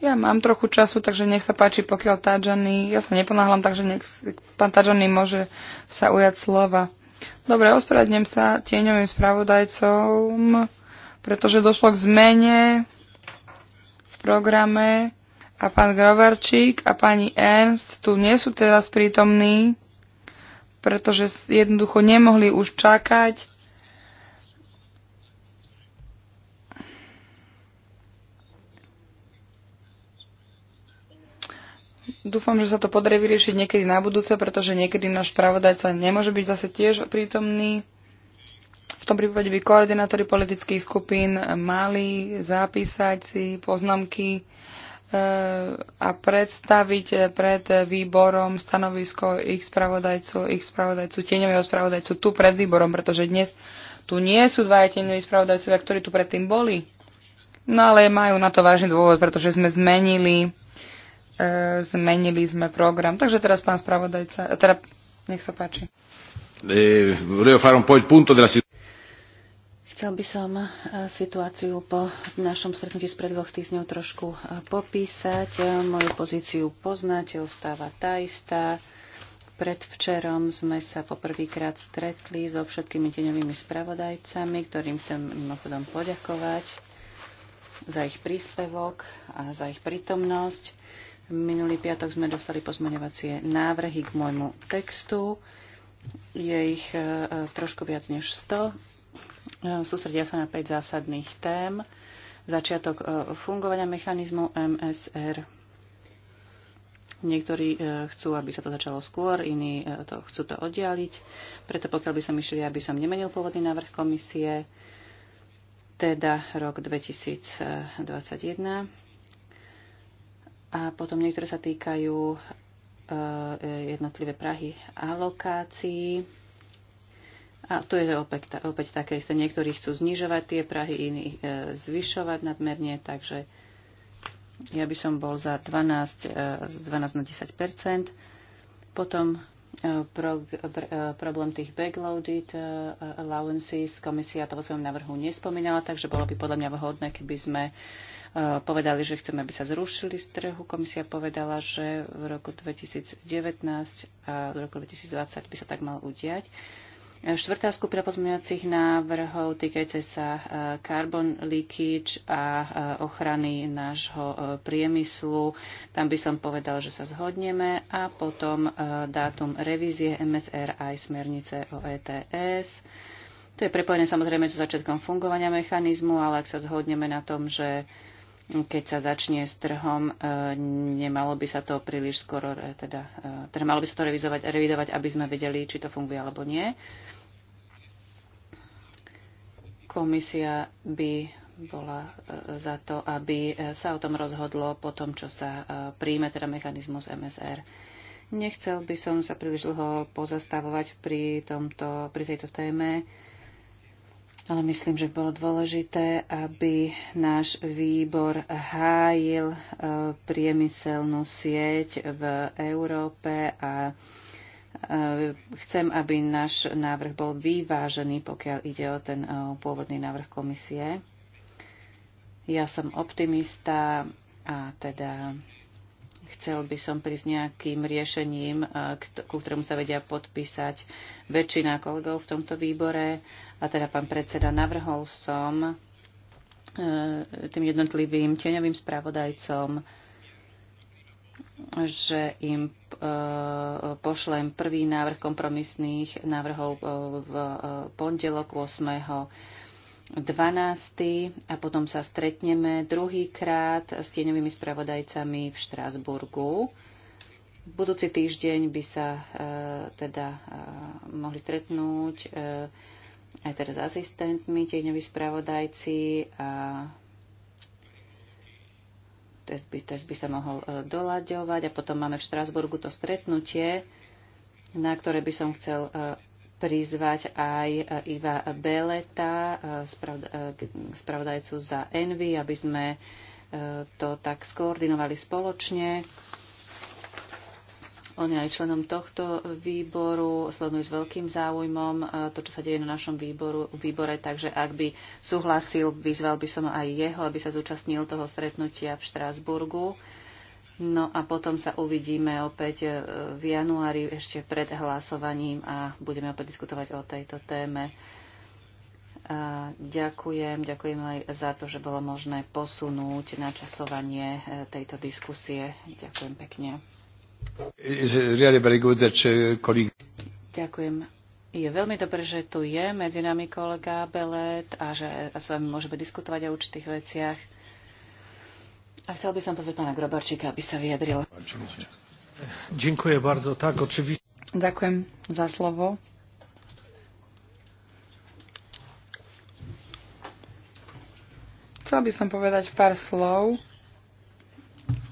Ja mám trochu času, takže nech sa páči, pokiaľ Tadžany, ja sa neponáhľam, takže nech pán Tadžany môže sa ujať slova. Dobre, ospravedlňujem sa tieňovým spravodajcom, pretože došlo k zmene v programe a pán Groverčík a pani Ernst tu nie sú teraz prítomní, pretože jednoducho nemohli už čakať. Dúfam, že sa to podarí vyriešiť niekedy na budúce, pretože niekedy náš pravodajca nemôže byť zase tiež prítomný. V tom prípade by koordinátori politických skupín mali zapísať si poznámky a predstaviť pred výborom stanovisko ich spravodajcu, ich spravodajcu, tieňového spravodajcu tu pred výborom, pretože dnes tu nie sú dvaja tieňoví spravodajcovia, ktorí tu predtým boli. No ale majú na to vážny dôvod, pretože sme zmenili, e, zmenili sme program. Takže teraz pán spravodajca, e, teda nech sa páči. Eh, Chcel by som e, situáciu po našom stretnutí spred dvoch týždňov trošku e, popísať. E, moju pozíciu poznáte, ostáva tá istá. Predvčerom sme sa poprvýkrát stretli so všetkými deňovými spravodajcami, ktorým chcem mimochodom poďakovať za ich príspevok a za ich prítomnosť. Minulý piatok sme dostali pozmeňovacie návrhy k môjmu textu. Je ich trošku viac než 100 Sústredia sa na 5 zásadných tém. Začiatok e, fungovania mechanizmu MSR. Niektorí e, chcú, aby sa to začalo skôr, iní e, to chcú to oddialiť. Preto pokiaľ by som išiel, aby som nemenil pôvodný návrh komisie, teda rok 2021. A potom niektoré sa týkajú jednotlivé Prahy alokácií a tu je opäť, opäť také isté. Niektorí chcú znižovať tie prahy, iní e, zvyšovať nadmerne, takže ja by som bol za 12, e, z 12 na 10 Potom e, pro, pr, e, problém tých backloaded e, allowances, komisia to vo svojom návrhu nespomínala, takže bolo by podľa mňa vhodné, keby sme e, povedali, že chceme, aby sa zrušili z trhu. Komisia povedala, že v roku 2019 a v roku 2020 by sa tak mal udiať. Štvrtá skupina pozmeňovacích návrhov týkajúce sa e, carbon leakage a e, ochrany nášho e, priemyslu. Tam by som povedal, že sa zhodneme. A potom dátum revízie MSR aj smernice o ETS. To je prepojené samozrejme so začiatkom fungovania mechanizmu, ale ak sa zhodneme na tom, že keď sa začne s trhom, nemalo by sa to príliš skoro, teda, teda malo by sa to revizovať, revidovať, aby sme vedeli, či to funguje alebo nie. Komisia by bola e, za to, aby e, sa o tom rozhodlo po tom, čo sa e, príjme teda mechanizmus MSR. Nechcel by som sa príliš dlho pozastavovať pri, tomto, pri tejto téme, ale myslím, že bolo dôležité, aby náš výbor hájil priemyselnú sieť v Európe a E, chcem, aby náš návrh bol vyvážený, pokiaľ ide o ten e, pôvodný návrh komisie. Ja som optimista a teda chcel by som prísť nejakým riešením, e, ku ktorému sa vedia podpísať väčšina kolegov v tomto výbore. A teda pán predseda, navrhol som tým jednotlivým tieňovým spravodajcom že im e, pošlem prvý návrh kompromisných návrhov e, v e, pondelok 8.12. a potom sa stretneme druhýkrát s tieňovými spravodajcami v Štrásburgu. V budúci týždeň by sa teda mohli stretnúť aj teda s asistentmi, tieňoví spravodajci a test by, test by sa mohol e, dolaďovať. A potom máme v Štrásburgu to stretnutie, na ktoré by som chcel e, prizvať aj e, Iva Beleta, spravodajcu za Envy, aby sme to tak skoordinovali spoločne. On je aj členom tohto výboru, sleduje s veľkým záujmom e, to, čo sa deje na našom výboru, výbore, takže ak by súhlasil, vyzval by som aj jeho, aby sa zúčastnil toho stretnutia v Štrásburgu. No a potom sa uvidíme opäť e, v januári ešte pred hlasovaním a budeme opäť diskutovať o tejto téme. A e, ďakujem, ďakujem aj za to, že bolo možné posunúť načasovanie tejto diskusie. Ďakujem pekne. Uh, Ďakujem. Je veľmi dobré, že tu je medzi nami kolega Belet a že s vami môžeme diskutovať o určitých veciach. A chcel by som pozrieť pána Grobarčíka, aby sa vyjadril. Ďakujem bardzo, tak očivite. Ďakujem za slovo. Chcel by som povedať pár slov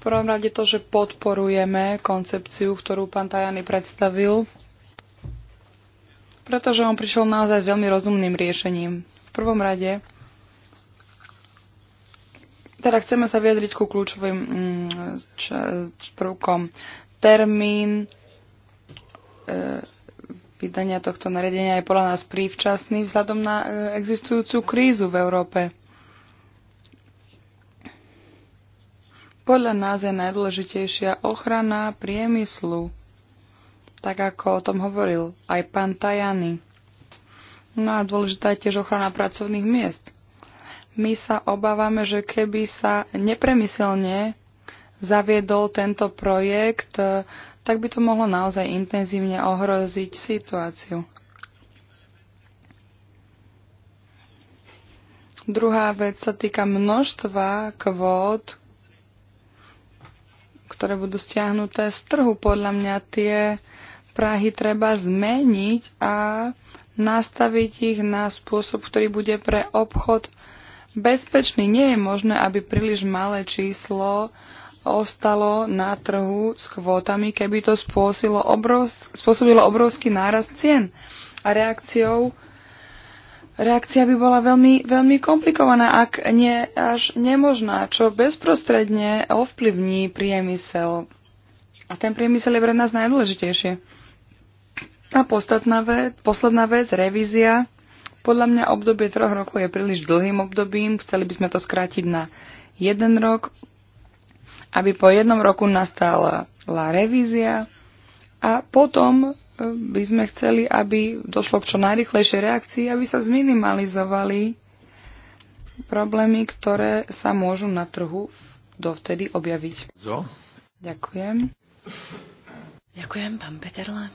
prvom rade to, že podporujeme koncepciu, ktorú pán Tajany predstavil, pretože on prišiel naozaj veľmi rozumným riešením. V prvom rade, teda chceme sa vyjadriť ku kľúčovým mm, prvkom. Termín e, vydania tohto nariadenia je podľa nás prívčasný vzhľadom na e, existujúcu krízu v Európe Podľa nás je najdôležitejšia ochrana priemyslu, tak ako o tom hovoril aj pán Tajany. No a dôležitá je tiež ochrana pracovných miest. My sa obávame, že keby sa nepremyselne zaviedol tento projekt, tak by to mohlo naozaj intenzívne ohroziť situáciu. Druhá vec sa týka množstva kvót, ktoré budú stiahnuté z trhu. Podľa mňa tie Prahy treba zmeniť a nastaviť ich na spôsob, ktorý bude pre obchod bezpečný. Nie je možné, aby príliš malé číslo ostalo na trhu s kvótami, keby to spôsobilo obrovský nárast cien. A reakciou reakcia by bola veľmi, veľmi komplikovaná, ak nie až nemožná, čo bezprostredne ovplyvní priemysel. A ten priemysel je pre nás najdôležitejšie. A posledná vec, posledná vec revízia. Podľa mňa obdobie troch rokov je príliš dlhým obdobím. Chceli by sme to skrátiť na jeden rok, aby po jednom roku nastala revízia a potom by sme chceli, aby došlo k čo najrychlejšej reakcii, aby sa zminimalizovali problémy, ktoré sa môžu na trhu dovtedy objaviť. Zo? Ďakujem. Ďakujem, pán Peterle.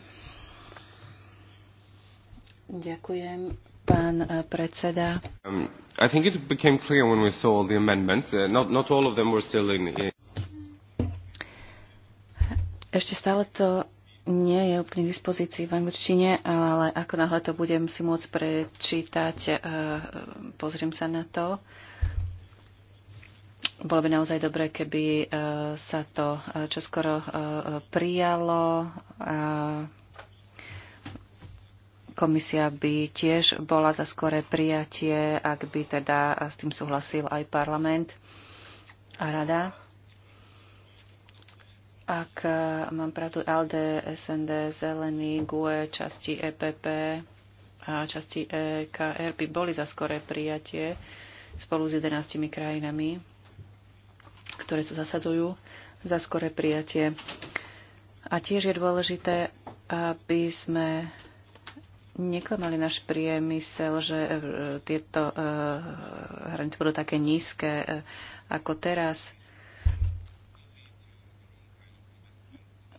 Ďakujem, pán eh, predseda. Um, I think it became clear when we saw all the amendments. Uh, not, not all of them were still in... Ešte stále to nie je úplne k dispozícii v angličtine, ale ako náhle to budem si môcť prečítať, e, e, pozriem sa na to. Bolo by naozaj dobré, keby e, sa to čoskoro prijalo. Komisia by tiež bola za skoré prijatie, ak by teda s tým súhlasil aj parlament a rada. Ak e, mám pravdu, LD, SND, Zelený, GUE, časti EPP a časti EKR by boli za skoré prijatie spolu s 11 krajinami, ktoré sa zasadzujú za skoré prijatie. A tiež je dôležité, aby sme neklamali náš priemysel, že e, tieto e, hranice budú také nízke ako teraz.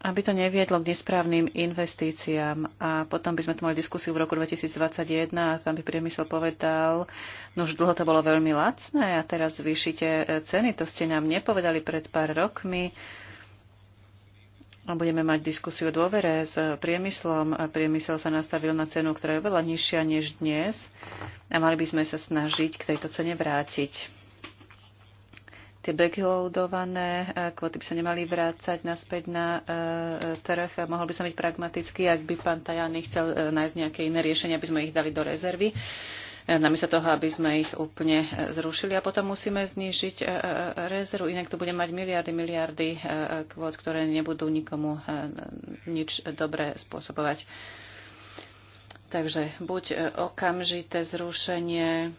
aby to neviedlo k nesprávnym investíciám. A potom by sme tu mali diskusiu v roku 2021 a tam by priemysel povedal, no už dlho to bolo veľmi lacné a teraz zvýšite e, ceny, to ste nám nepovedali pred pár rokmi a budeme mať diskusiu o dôvere s priemyslom. A priemysel sa nastavil na cenu, ktorá je oveľa nižšia než dnes a mali by sme sa snažiť k tejto cene vrátiť tie backloadované e, kvoty by sa nemali vrácať naspäť na e, trh. Mohol by som byť pragmatický, ak by pán Tajani chcel e, nájsť nejaké iné riešenia, aby sme ich dali do rezervy namiesto toho, aby sme ich úplne zrušili. A potom musíme znížiť rezervu, inak tu budeme mať miliardy, miliardy kvót, ktoré nebudú nikomu nič dobré spôsobovať. Takže buď okamžité zrušenie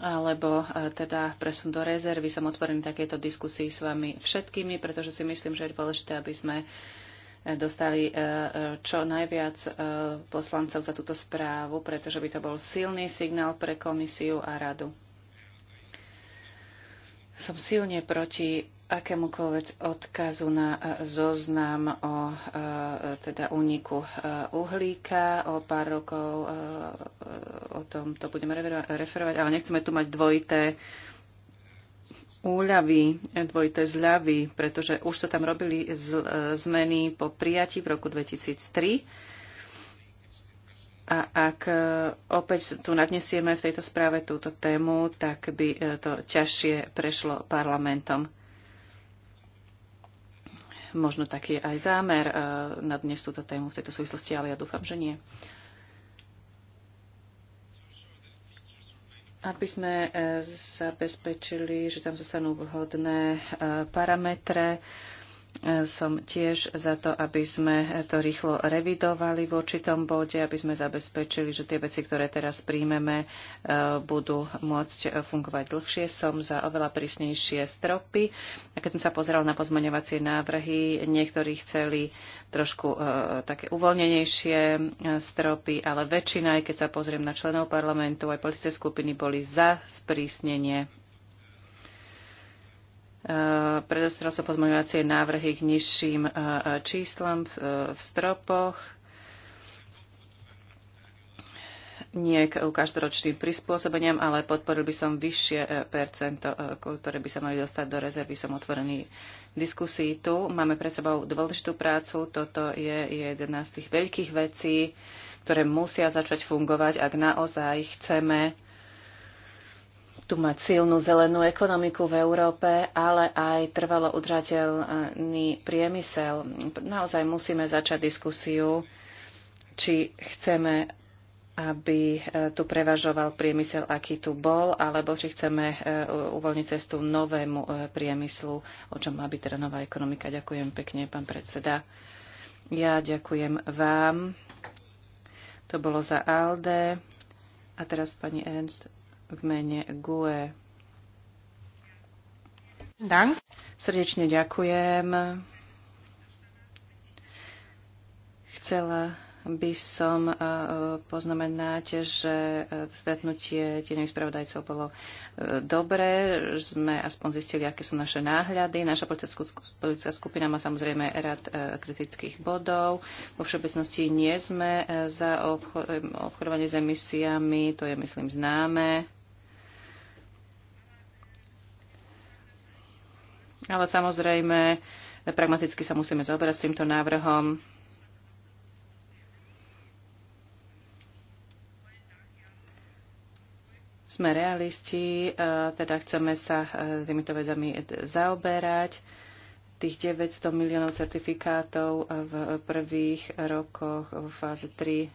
alebo e, teda presun do rezervy. Som otvorený takéto diskusii s vami všetkými, pretože si myslím, že je dôležité, aby sme e, dostali e, čo najviac poslancov za túto správu, pretože by to bol silný signál pre komisiu a radu. Som silne proti akémukoľvek odkazu na e, zoznam o e, teda úniku e, uhlíka. O pár rokov o tom to budeme referovať, ale nechceme tu mať dvojité úľavy, dvojité zľavy, pretože už sa tam robili zmeny po prijatí v roku 2003. A ak opäť tu nadnesieme v tejto správe túto tému, tak by to ťažšie prešlo parlamentom možno taký aj zámer eh, na dnes túto tému v tejto súvislosti, ale ja dúfam, že nie. Aby sme eh, zabezpečili, že tam zostanú vhodné eh, parametre, som tiež za to, aby sme to rýchlo revidovali v určitom bode, aby sme zabezpečili, že tie veci, ktoré teraz príjmeme, e, budú môcť e, fungovať dlhšie. Som za oveľa prísnejšie stropy. A keď som sa pozeral na pozmaňovacie návrhy, niektorí chceli trošku e, také uvoľnenejšie stropy, ale väčšina, aj keď sa pozriem na členov parlamentu, aj politické skupiny boli za sprísnenie Eh, predostrel sa pozmeňovacie návrhy k nižším eh, eh, číslam v stropoch, nie k každoročným prispôsobeniam, ale podporil by som vyššie percento, ktoré by sa mali dostať do rezervy. Som otvorený diskusii tu. Máme pred sebou dôležitú prácu. Toto je jedna z tých veľkých vecí, ktoré musia začať fungovať, ak naozaj chceme tu mať silnú zelenú ekonomiku v Európe, ale aj trvalo udržateľný priemysel. Naozaj musíme začať diskusiu, či chceme, aby e, tu prevažoval priemysel, aký tu bol, alebo či chceme e, uvoľniť cestu novému e, priemyslu, o čom má byť teda nová ekonomika. Ďakujem pekne, pán predseda. Ja ďakujem vám. To bolo za ALDE. A teraz pani Ernst v mene GUE. Dank. Srdečne ďakujem. Chcela by som eh, poznamenať, že eh, stretnutie tieňových spravodajcov bolo eh, dobré. Sme aspoň zistili, aké sú naše náhľady. Naša politická skupina má samozrejme rad kritických bodov. Vo všeobecnosti nie sme za obchodovanie s emisiami, to je myslím známe Ale samozrejme, pragmaticky sa musíme zaoberať s týmto návrhom. Sme realisti, e, teda chceme sa e, týmito vecami e, zaoberať. Tých 900 miliónov certifikátov v prvých rokoch v fáze 3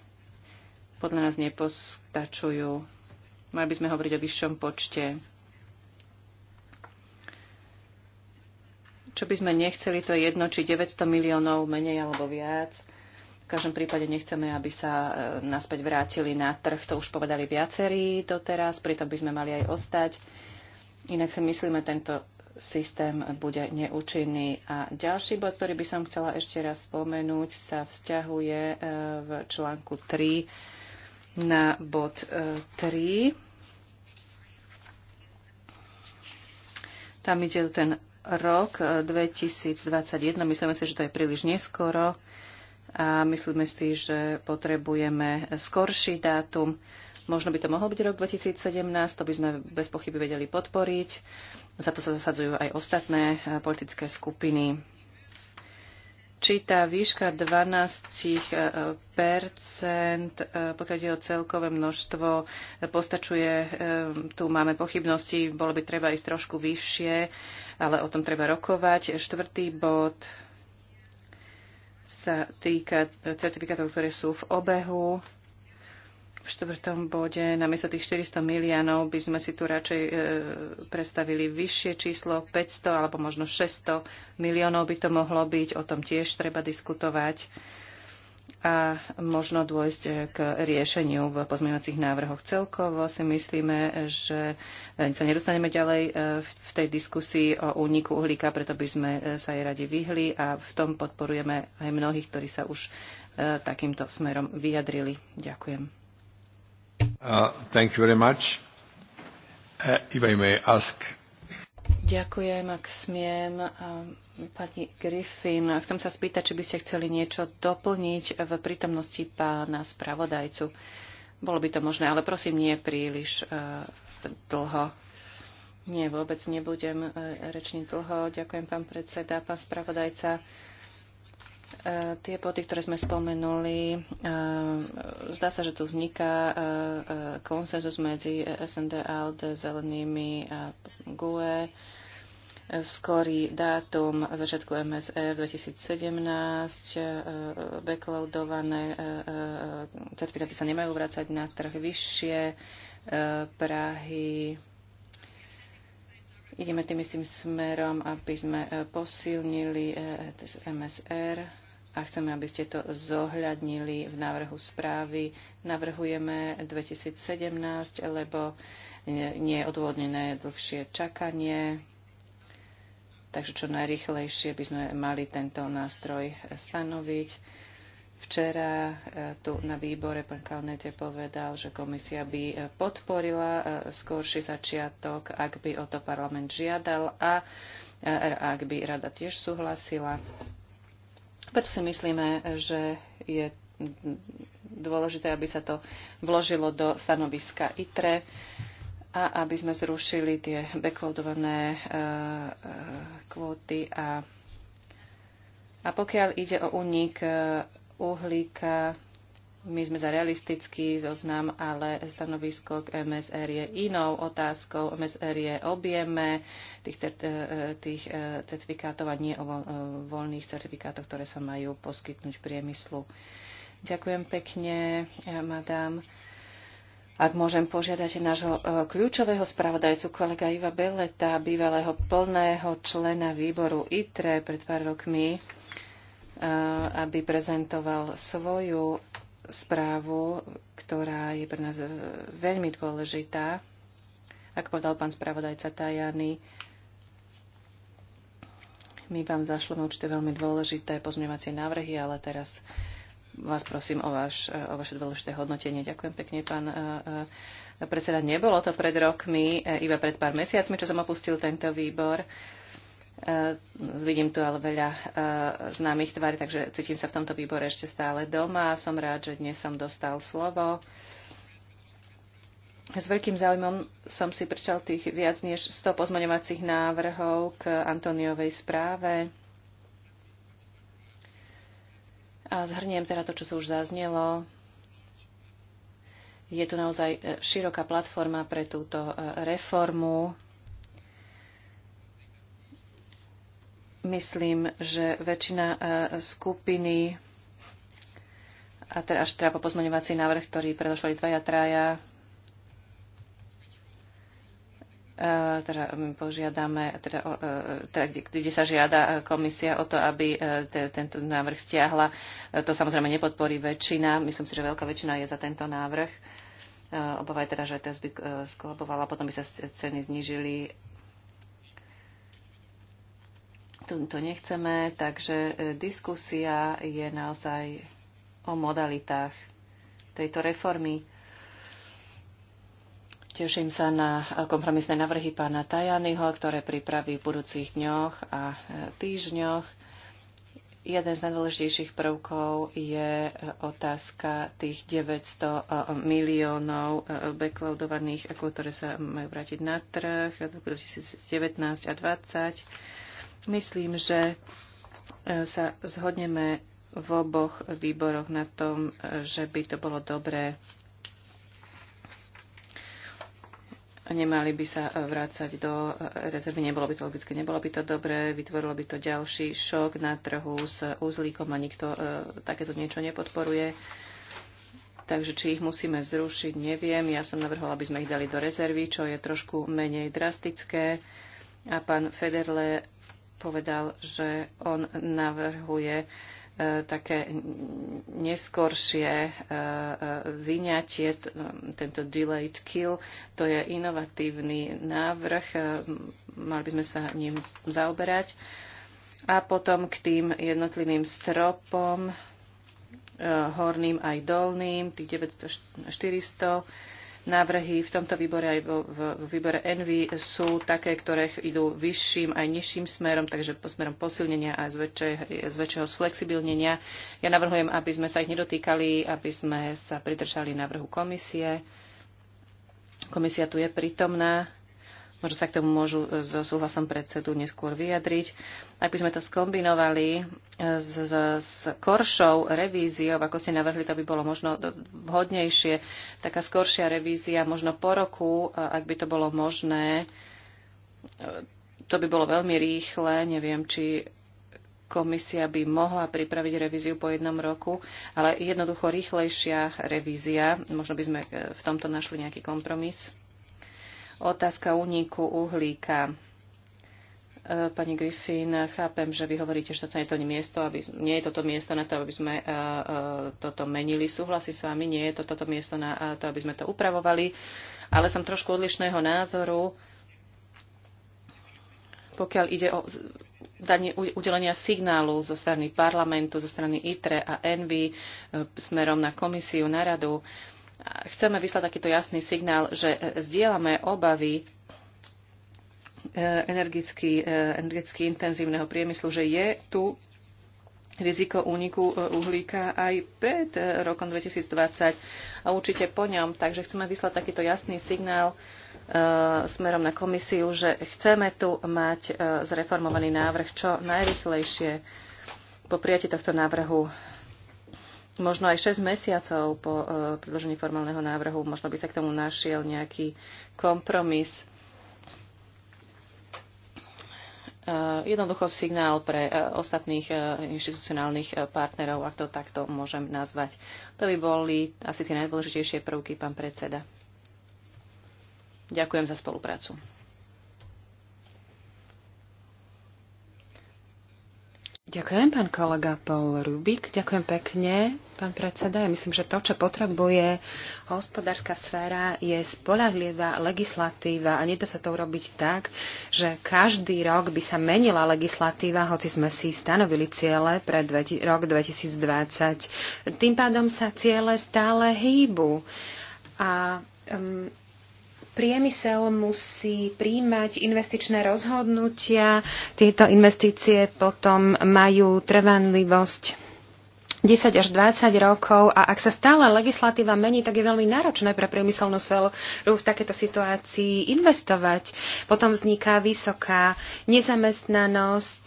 podľa nás nepostačujú. Mali by sme hovoriť o vyššom počte čo by sme nechceli, to je jedno, či 900 miliónov menej alebo viac. V každom prípade nechceme, aby sa e, naspäť vrátili na trh, to už povedali viacerí doteraz, pritom by sme mali aj ostať. Inak si myslíme, tento systém bude neúčinný. A ďalší bod, ktorý by som chcela ešte raz spomenúť, sa vzťahuje e, v článku 3 na bod 3. E, Tam ide ten rok 2021. Eh, myslíme si, že to je príliš neskoro a myslíme si, že potrebujeme skorší dátum. Možno by to mohol byť rok 2017, to by sme bez pochyby vedeli podporiť. Za to sa zasadzujú aj ostatné eh, politické skupiny či tá výška 12 e, pokiaľ ide o celkové množstvo, e, postačuje, e, tu máme pochybnosti, bolo by treba ísť trošku vyššie, ale o tom treba rokovať. Štvrtý bod sa týka certifikátov, ktoré sú v obehu v štvrtom bode, namiesto tých 400 miliónov by sme si tu radšej e, predstavili vyššie číslo, 500 alebo možno 600 miliónov by to mohlo byť, o tom tiež treba diskutovať a možno dôjsť k riešeniu v pozmeňovacích návrhoch. Celkovo si myslíme, že sa nedostaneme ďalej e, v tej diskusii o úniku uhlíka, preto by sme e, sa jej radi vyhli a v tom podporujeme aj mnohých, ktorí sa už e, takýmto smerom vyjadrili. Ďakujem thank you very much. if I may ask. Ďakujem, ak smiem. Pani Griffin, chcem sa spýtať, či by ste chceli niečo doplniť v prítomnosti pána spravodajcu. Bolo by to možné, ale prosím, nie príliš uh, dlho. Nie, vôbec nebudem uh, rečniť dlho. Ďakujem, pán predseda, pán spravodajca. Uh, Eh, tie ploty, ktoré sme spomenuli, eh, zdá sa, že tu vzniká eh, konsenzus medzi SND, LD zelenými a GUE. Skorý dátum začiatku MSR 2017, backloadované certifikáty sa nemajú vrácať na trh vyššie, Prahy, Ideme tým istým smerom, aby sme posilnili MSR a chceme, aby ste to zohľadnili v návrhu správy. Navrhujeme 2017, lebo nie je odvodnené dlhšie čakanie, takže čo najrychlejšie by sme mali tento nástroj stanoviť. Včera eh, tu na výbore pán Kalnete povedal, že komisia by eh, podporila eh, skorší začiatok, ak by o to parlament žiadal a ak by rada tiež súhlasila. Preto si myslíme, že je dôležité, aby sa to vložilo do stanoviska ITRE a aby sme zrušili tie backloadované e, e, kvóty. A, a pokiaľ ide o únik e, uhlíka, my sme za realistický zoznam, ale stanovisko k MSR je inou otázkou. MSR je objeme tých, e, tých e, certifikátov a nie o e, voľných certifikátoch, ktoré sa majú poskytnúť priemyslu. Ďakujem pekne, madám. Ak môžem požiadať nášho kľúčového spravodajcu, kolega Iva Beleta, bývalého plného člena výboru ITRE pred pár rokmi, aby prezentoval svoju správu, ktorá je pre nás eh, veľmi dôležitá. Ako povedal pán spravodajca Tajany, my vám zašleme určite veľmi dôležité pozmeňovacie návrhy, ale teraz vás prosím o, vaš, eh, o vaše dôležité hodnotenie. Ďakujem pekne, pán eh, predseda. Nebolo to pred rokmi, iba pred pár mesiacmi, čo som opustil tento výbor. Eh, vidím tu ale veľa eh, známych tvári, takže cítim sa v tomto výbore ešte stále doma. a Som rád, že dnes som dostal slovo. S veľkým záujmom som si prečal tých viac než 100 pozmeňovacích návrhov k Antoniovej správe. A zhrniem teda to, čo tu už zaznelo. Je tu naozaj eh, široká platforma pre túto reformu Myslím, že väčšina e, skupiny a teda až teda po pozmeňovací návrh, ktorý predošli dvaja traja, e, teda požiadame, teda, e, teda, kde, kde sa žiada komisia o to, aby te, tento návrh stiahla. To samozrejme nepodporí väčšina. Myslím si, že veľká väčšina je za tento návrh. Obávaj teda, že TES by skolabovala, potom by sa ceny znížili tu to nechceme, takže e, diskusia je naozaj o modalitách tejto reformy. Teším sa na e, kompromisné navrhy pána Tajanyho, ktoré pripraví v budúcich dňoch a e, týždňoch. Jeden z najdôležitejších prvkov je otázka tých 900 miliónov backloadovaných, ktoré sa majú vrátiť na trh 2019 a 2020 Myslím, že e, sa zhodneme v oboch výboroch na tom, e, že by to bolo dobré. Nemali by sa e, vrácať do rezervy, nebolo by to logické, nebolo by to dobré, vytvorilo by to ďalší šok na trhu s uzlíkom a nikto takéto niečo nepodporuje. Takže či ich musíme zrušiť, neviem. Ja som navrhol, aby sme ich dali do rezervy, čo je trošku menej drastické. A pán Federle povedal, že on navrhuje e, také neskoršie e, e, vyňatie, tento delayed kill. To je inovatívny návrh, mali by sme sa ním zaoberať. A potom k tým jednotlivým stropom, horným aj dolným, tých 900, 400 návrhy v tomto výbore aj vo, v výbore Envy sú také, ktoré idú vyšším aj nižším smerom, takže smerom posilnenia a z väčšieho sflexibilnenia. Ja navrhujem, aby sme sa ich nedotýkali, aby sme sa pridržali návrhu komisie. Komisia tu je prítomná Možno sa k tomu môžu e, so súhlasom predsedu neskôr vyjadriť. Ak by sme to skombinovali e, s, s, s koršou revíziou, ako ste navrhli, to by bolo možno vhodnejšie. Taká skoršia revízia, možno po roku, ak by to bolo možné, e, to by bolo veľmi rýchle. Neviem, či komisia by mohla pripraviť revíziu po jednom roku, ale jednoducho rýchlejšia revízia. Možno by sme v tomto našli nejaký kompromis. Otázka úniku uhlíka. E, pani Griffin, chápem, že vy hovoríte, že toto nie je to miesto, aby, nie je toto miesto na to, aby sme uh, uh, toto menili. Súhlasí s vami, nie je to toto miesto na uh, to, aby sme to upravovali. Ale som trošku odlišného názoru, pokiaľ ide o danie udelenia signálu zo strany parlamentu, zo strany ITRE a ENVY smerom na komisiu, na radu. Uh, Chceme vyslať takýto jasný signál, že e, zdieľame obavy e, energicky, e, energeticky intenzívneho priemyslu, že je tu riziko úniku uhlíka aj pred rokom 2020 a určite po ňom. Takže chceme vyslať takýto jasný signál smerom na komisiu, že chceme tu mať zreformovaný návrh čo najrychlejšie po prijati tohto návrhu možno aj 6 mesiacov po e, predložení formálneho návrhu, možno by sa k tomu našiel nejaký kompromis. E, jednoducho signál pre e, ostatných inštitucionálnych partnerov, ak to takto môžem nazvať. To by boli asi tie najdôležitejšie prvky, pán predseda. Ďakujem za spoluprácu. Ďakujem, pán kolega Paul Rubik. Ďakujem pekne, pán predseda. Ja myslím, že to, čo potrebuje hospodárska sféra, je spolahlivá legislatíva a nedá sa to urobiť tak, že každý rok by sa menila legislatíva, hoci sme si stanovili ciele pre rok 2020. Tým pádom sa ciele stále hýbu. A um, Priemysel musí príjmať investičné rozhodnutia, tieto investície potom majú trvanlivosť 10 až 20 rokov a ak sa stále legislatíva mení, tak je veľmi náročné pre priemyselnú sféru v takéto situácii investovať. Potom vzniká vysoká nezamestnanosť,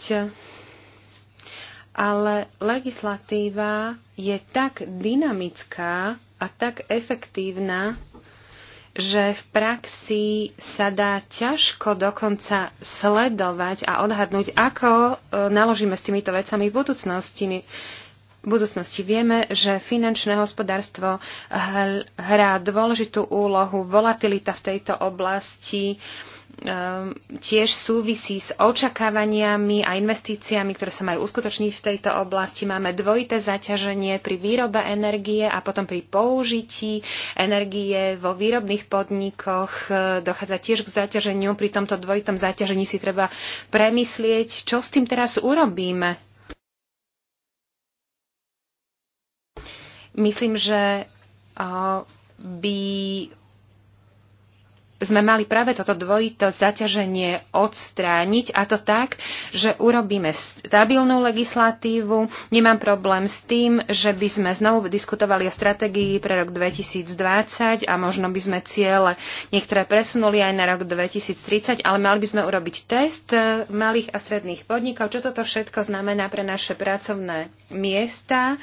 ale legislatíva je tak dynamická a tak efektívna, že v praxi sa dá ťažko dokonca sledovať a odhadnúť, ako e, naložíme s týmito vecami v budúcnosti. V budúcnosti vieme, že finančné hospodárstvo hrá dôležitú úlohu, volatilita v tejto oblasti, um, Ehm, tiež súvisí s očakávaniami a investíciami, ktoré sa majú uskutočniť v tejto oblasti. Máme dvojité zaťaženie pri výrobe energie a potom pri použití energie vo výrobných podnikoch. Ehm, dochádza tiež k zaťaženiu. Pri tomto dvojitom zaťažení si treba premyslieť, čo s tým teraz urobíme. Myslím, že by sme mali práve toto dvojito zaťaženie odstrániť a to tak, že urobíme stabilnú legislatívu. Nemám problém s tým, že by sme znovu diskutovali o stratégii pre rok 2020 a možno by sme ciele niektoré presunuli aj na rok 2030, ale mali by sme urobiť test e, malých a stredných podnikov, čo toto všetko znamená pre naše pracovné miesta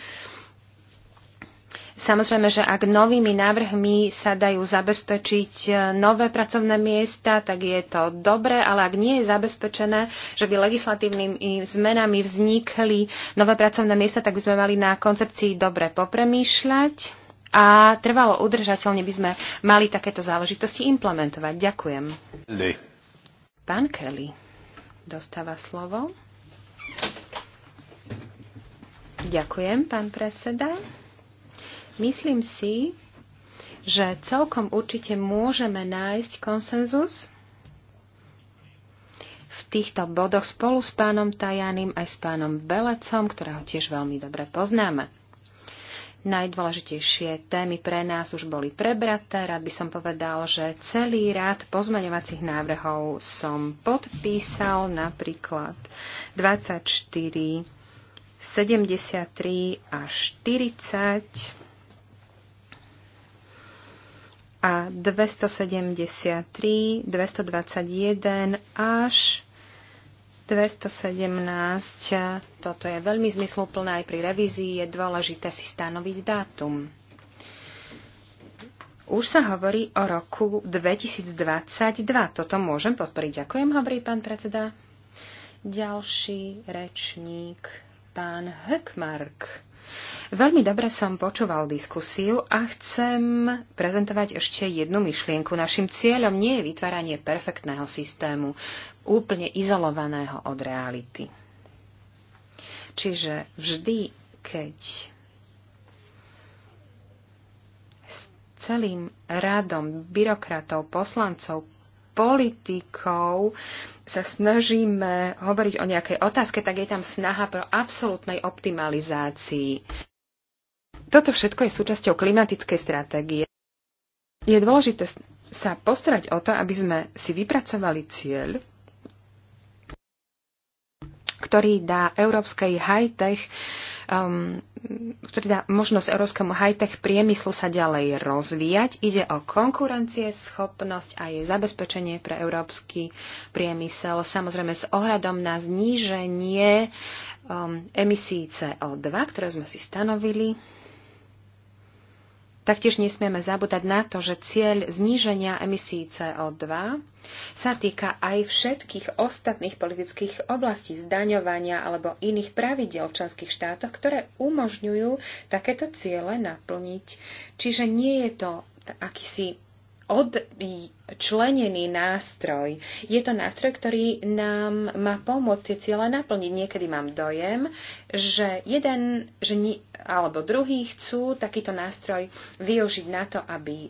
Samozrejme, že ak novými návrhmi sa dajú zabezpečiť e, nové pracovné miesta, tak je to dobré, ale ak nie je zabezpečené, že by legislatívnymi zmenami vznikli nové pracovné miesta, tak by sme mali na koncepcii dobre popremýšľať a trvalo udržateľne by sme mali takéto záležitosti implementovať. Ďakujem. Le. Pán Kelly dostáva slovo. Ďakujem, pán predseda. Myslím si, že celkom určite môžeme nájsť konsenzus v týchto bodoch spolu s pánom Tajaným aj s pánom Belecom, ktorého tiež veľmi dobre poznáme. Najdôležitejšie témy pre nás už boli prebraté. Rád by som povedal, že celý rád pozmeňovacích návrhov som podpísal, napríklad 24, 73 a 40 a 273, 221 až 217. Toto je veľmi zmysluplné aj pri revízii. Je dôležité si stanoviť dátum. Už sa hovorí o roku 2022. Toto môžem podporiť. Ďakujem, hovorí pán predseda. Ďalší rečník, pán Hökmark. Veľmi dobre som počúval diskusiu a chcem prezentovať ešte jednu myšlienku. Našim cieľom nie je vytváranie perfektného systému, úplne izolovaného od reality. Čiže vždy, keď s celým radom byrokratov, poslancov, politikov sa snažíme hovoriť o nejakej otázke, tak je tam snaha pro absolútnej optimalizácii. Toto všetko je súčasťou klimatickej stratégie. Je dôležité sa postarať o to, aby sme si vypracovali cieľ, ktorý dá európskej high-tech um, ktorý dá možnosť európskemu high-tech priemyslu sa ďalej rozvíjať. Ide o konkurencie, schopnosť a jej zabezpečenie pre európsky priemysel, samozrejme s ohľadom na zníženie um, emisí CO2, ktoré sme si stanovili Taktiež nesmieme zabúdať na to, že cieľ zníženia emisí CO2 sa týka aj všetkých ostatných politických oblastí zdaňovania alebo iných pravidel v členských štátoch, ktoré umožňujú takéto ciele naplniť. Čiže nie je to akýsi odčlenený nástroj. Je to nástroj, ktorý nám má pomôcť tie ciele naplniť. Niekedy mám dojem, že jeden že ni, alebo druhý chcú takýto nástroj využiť na to, aby um,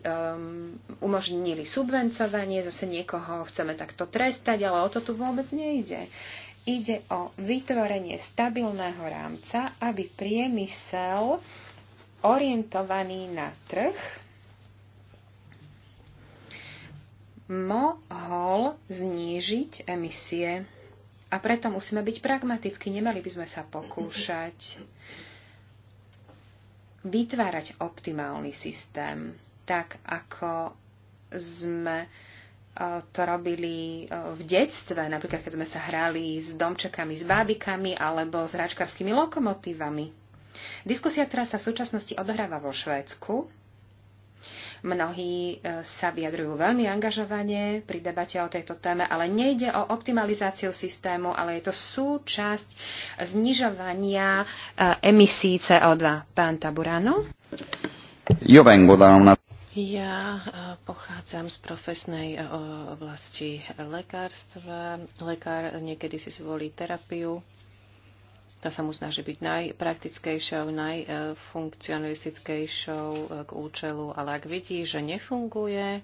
umožnili subvencovanie, zase niekoho chceme takto trestať, ale o to tu vôbec nejde. Ide o vytvorenie stabilného rámca, aby priemysel orientovaný na trh mohol znížiť emisie. A preto musíme byť pragmaticky, nemali by sme sa pokúšať vytvárať optimálny systém, tak ako sme e, to robili e, v detstve, napríklad keď sme sa hrali s domčekami, s bábikami alebo s hračkarskými lokomotívami. Diskusia, ktorá sa v súčasnosti odohráva vo Švédsku, Mnohí e, sa vyjadrujú veľmi angažovane pri debate o tejto téme, ale nejde o optimalizáciu systému, ale je to súčasť znižovania e, emisí CO2. Pán Taburano? vengo da una ja e, pochádzam z profesnej oblasti lekárstva. Lekár niekedy si zvolí terapiu tá sa mu snaží byť najpraktickejšou, najfunkcionalistickejšou e, k účelu, ale ak vidí, že nefunguje, e,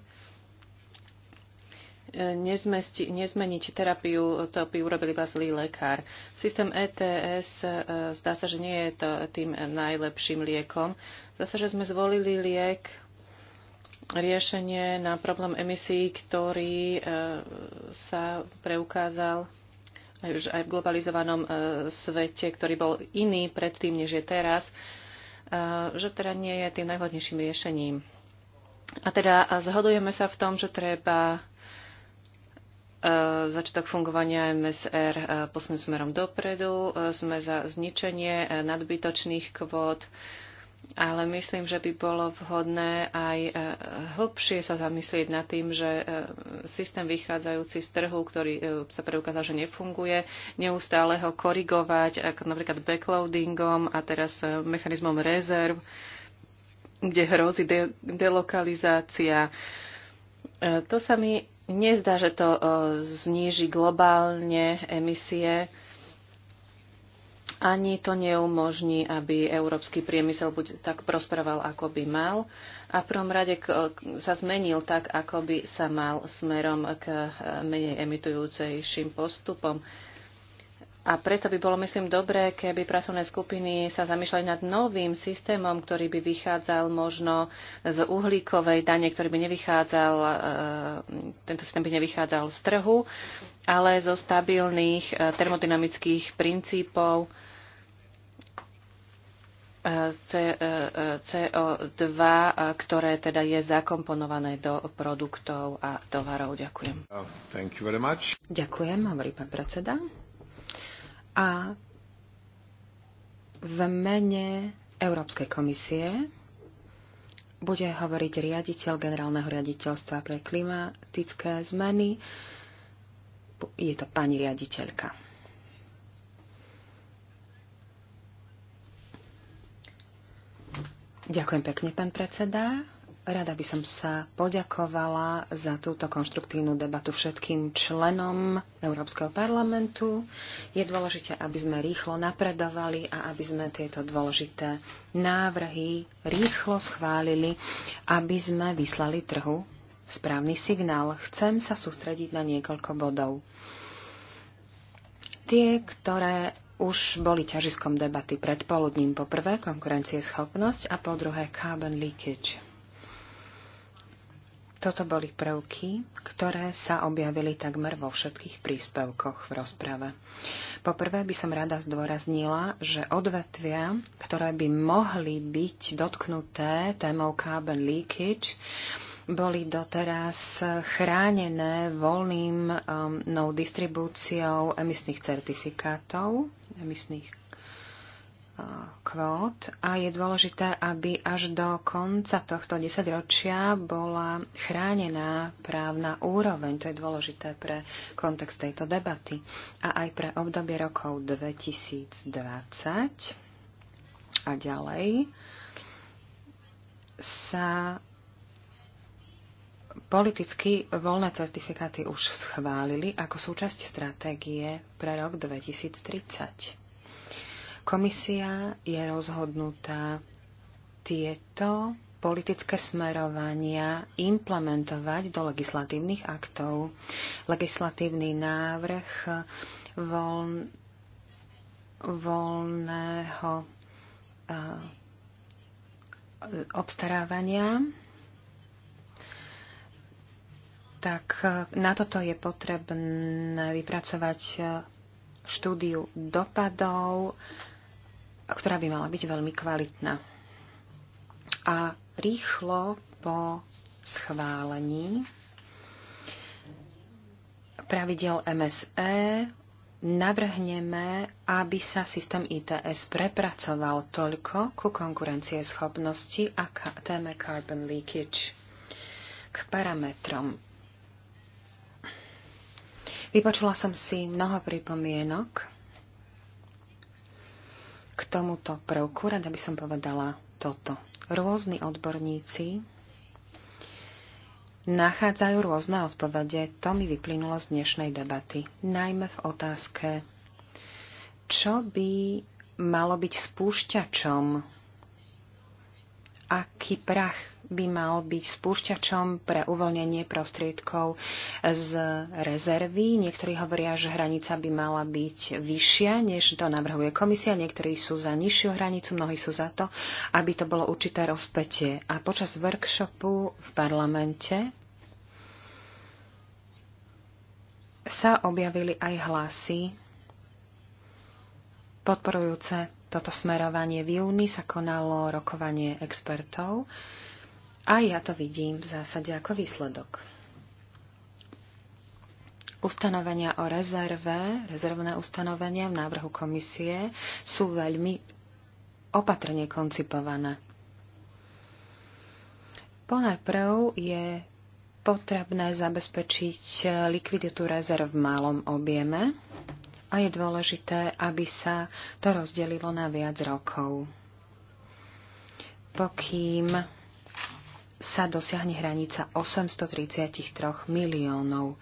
nezmesti, nezmeniť terapiu, to by urobil iba zlý lekár. Systém ETS e, zdá sa, že nie je to tým najlepším liekom. Zdá sa, že sme zvolili liek, riešenie na problém emisí, ktorý sa preukázal už aj v globalizovanom e, svete, ktorý bol iný predtým, než je teraz, e, že teda nie je tým najvhodnejším riešením. A teda zhodujeme sa v tom, že treba e, začiatok fungovania MSR posunúť smerom dopredu, sme za zničenie nadbytočných kvót, ale myslím, že by bolo vhodné aj e, hlbšie sa zamyslieť nad tým, že e, systém vychádzajúci z trhu, ktorý e, sa preukázal, že nefunguje, neustále ho korigovať, ako napríklad backloadingom a teraz mechanizmom rezerv, kde hrozí de- delokalizácia. To sa mi nezdá, že to zníži globálne emisie ani to neumožní, aby európsky priemysel buď tak prosperoval, ako by mal a v prvom rade sa zmenil tak, ako by sa mal smerom k menej emitujúcejším postupom. A preto by bolo, myslím, dobré, keby pracovné skupiny sa zamýšľali nad novým systémom, ktorý by vychádzal možno z uhlíkovej dane, ktorý by nevychádzal, e, tento systém by nevychádzal z trhu, ale zo stabilných e, termodynamických princípov, CO2, eh, eh, ktoré teda je zakomponované do produktov a tovarov. Ďakujem. Oh, thank you very much. Ďakujem, hovorí pán predseda. A v mene Európskej komisie bude hovoriť riaditeľ generálneho riaditeľstva pre klimatické zmeny. Je to pani riaditeľka. Ďakujem pekne, pán predseda. Rada by som sa poďakovala za túto konštruktívnu debatu všetkým členom Európskeho parlamentu. Je dôležité, aby sme rýchlo napredovali a aby sme tieto dôležité návrhy rýchlo schválili, aby sme vyslali trhu správny signál. Chcem sa sústrediť na niekoľko bodov. Tie, ktoré už boli ťažiskom debaty predpoludním. Po prvé konkurencieschopnosť a po druhé carbon leakage. Toto boli prvky, ktoré sa objavili takmer vo všetkých príspevkoch v rozprave. Poprvé by som rada zdôraznila, že odvetvia, ktoré by mohli byť dotknuté témou carbon leakage, boli doteraz chránené voľným um, no distribúciou emisných certifikátov, emisných uh, kvót a je dôležité, aby až do konca tohto desaťročia bola chránená právna úroveň. To je dôležité pre kontext tejto debaty a aj pre obdobie rokov 2020 a ďalej sa Politicky voľné certifikáty už schválili ako súčasť stratégie pre rok 2030. Komisia je rozhodnutá tieto politické smerovania implementovať do legislatívnych aktov. Legislatívny návrh voľn, voľného uh, obstarávania tak e, na toto je potrebné vypracovať e, štúdiu dopadov, ktorá by mala byť veľmi kvalitná. A rýchlo po schválení pravidel MSE navrhneme, aby sa systém ITS prepracoval toľko ku konkurencieschopnosti schopnosti a téme carbon leakage k parametrom Vypočula som si mnoho pripomienok k tomuto prvku. Rada by som povedala toto. Rôzni odborníci nachádzajú rôzne odpovede. To mi vyplynulo z dnešnej debaty. Najmä v otázke, čo by malo byť spúšťačom aký prach by mal byť spúšťačom pre uvoľnenie prostriedkov z rezervy. Niektorí hovoria, že hranica by mala byť vyššia, než to navrhuje komisia. Niektorí sú za nižšiu hranicu, mnohí sú za to, aby to bolo určité rozpetie. A počas workshopu v parlamente sa objavili aj hlasy podporujúce toto smerovanie. V júni sa konalo rokovanie expertov a ja to vidím v zásade ako výsledok. Ustanovenia o rezerve, rezervné ustanovenia v návrhu komisie sú veľmi opatrne koncipované. Ponajprv je potrebné zabezpečiť likviditu rezerv v malom objeme, a je dôležité, aby sa to rozdelilo na viac rokov. Pokým sa dosiahne hranica 833 miliónov.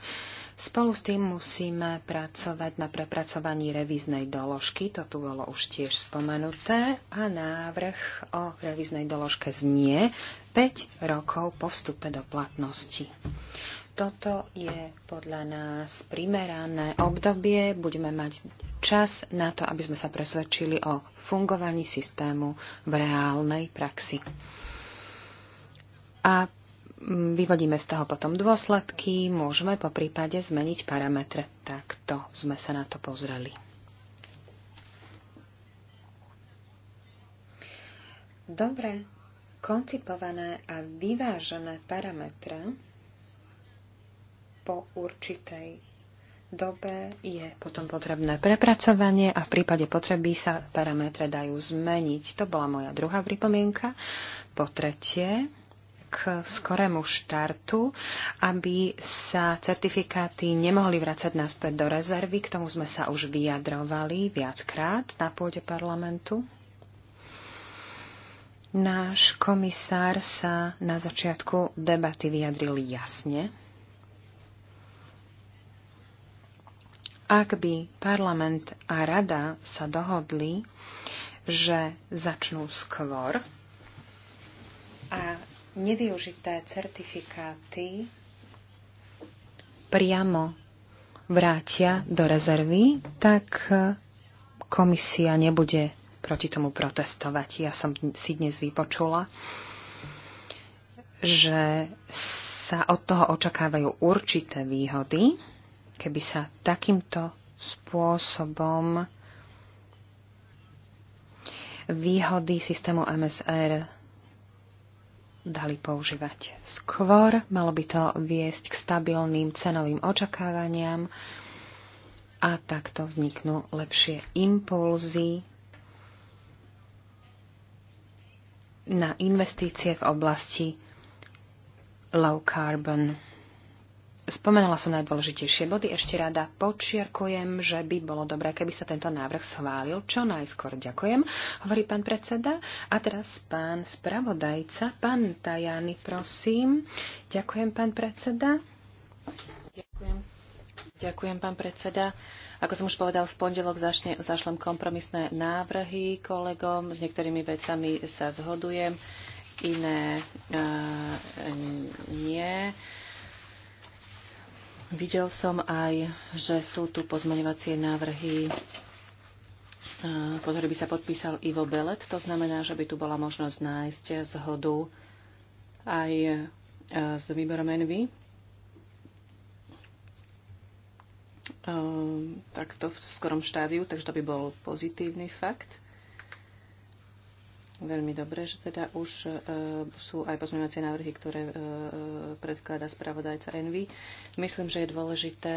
Spolu s tým musíme pracovať na prepracovaní revíznej doložky, to tu bolo už tiež spomenuté, a návrh o revíznej doložke znie 5 rokov po vstupe do platnosti. Toto je podľa nás primerané obdobie. Budeme mať čas na to, aby sme sa presvedčili o fungovaní systému v reálnej praxi. A mm, vyvodíme z toho potom dôsledky, môžeme po prípade zmeniť parametre. Takto sme sa na to pozreli. Dobre koncipované a vyvážené parametre po určitej dobe je potom potrebné prepracovanie a v prípade potreby sa parametre dajú zmeniť. To bola moja druhá pripomienka. Po tretie, k skorému štartu, aby sa certifikáty nemohli vrácať naspäť do rezervy. K tomu sme sa už vyjadrovali viackrát na pôde parlamentu. Náš komisár sa na začiatku debaty vyjadril jasne Ak by parlament a rada sa dohodli, že začnú skôr a nevyužité certifikáty priamo vrátia do rezervy, tak eh, komisia nebude proti tomu protestovať. Ja som si dnes vypočula, že sa od toho očakávajú určité výhody, keby sa takýmto spôsobom výhody systému MSR dali používať skôr. Malo by to viesť k stabilným cenovým očakávaniam a takto vzniknú lepšie impulzy na investície v oblasti low carbon. Spomenula som najdôležitejšie body. Ešte rada počiarkujem, že by bolo dobré, keby sa tento návrh schválil. Čo najskôr ďakujem, hovorí pán predseda. A teraz pán spravodajca, pán Tajany, prosím. Ďakujem, pán predseda. Ďakujem. Ďakujem, pán predseda. Ako som už povedal, v pondelok zašne, zašlem kompromisné návrhy kolegom. S niektorými vecami sa zhodujem, iné uh, nie. Uh, Videl som aj, že sú tu pozmeňovacie návrhy, pod ktorý by sa podpísal Ivo Belet. To znamená, že by tu bola možnosť nájsť zhodu aj e, s výborom Envy. Takto v skorom štádiu, takže to by bol pozitívny fakt. Veľmi dobre, že teda už e, sú aj pozmeňovacie návrhy, ktoré e, e, predkladá spravodajca Envy. Myslím, že je dôležité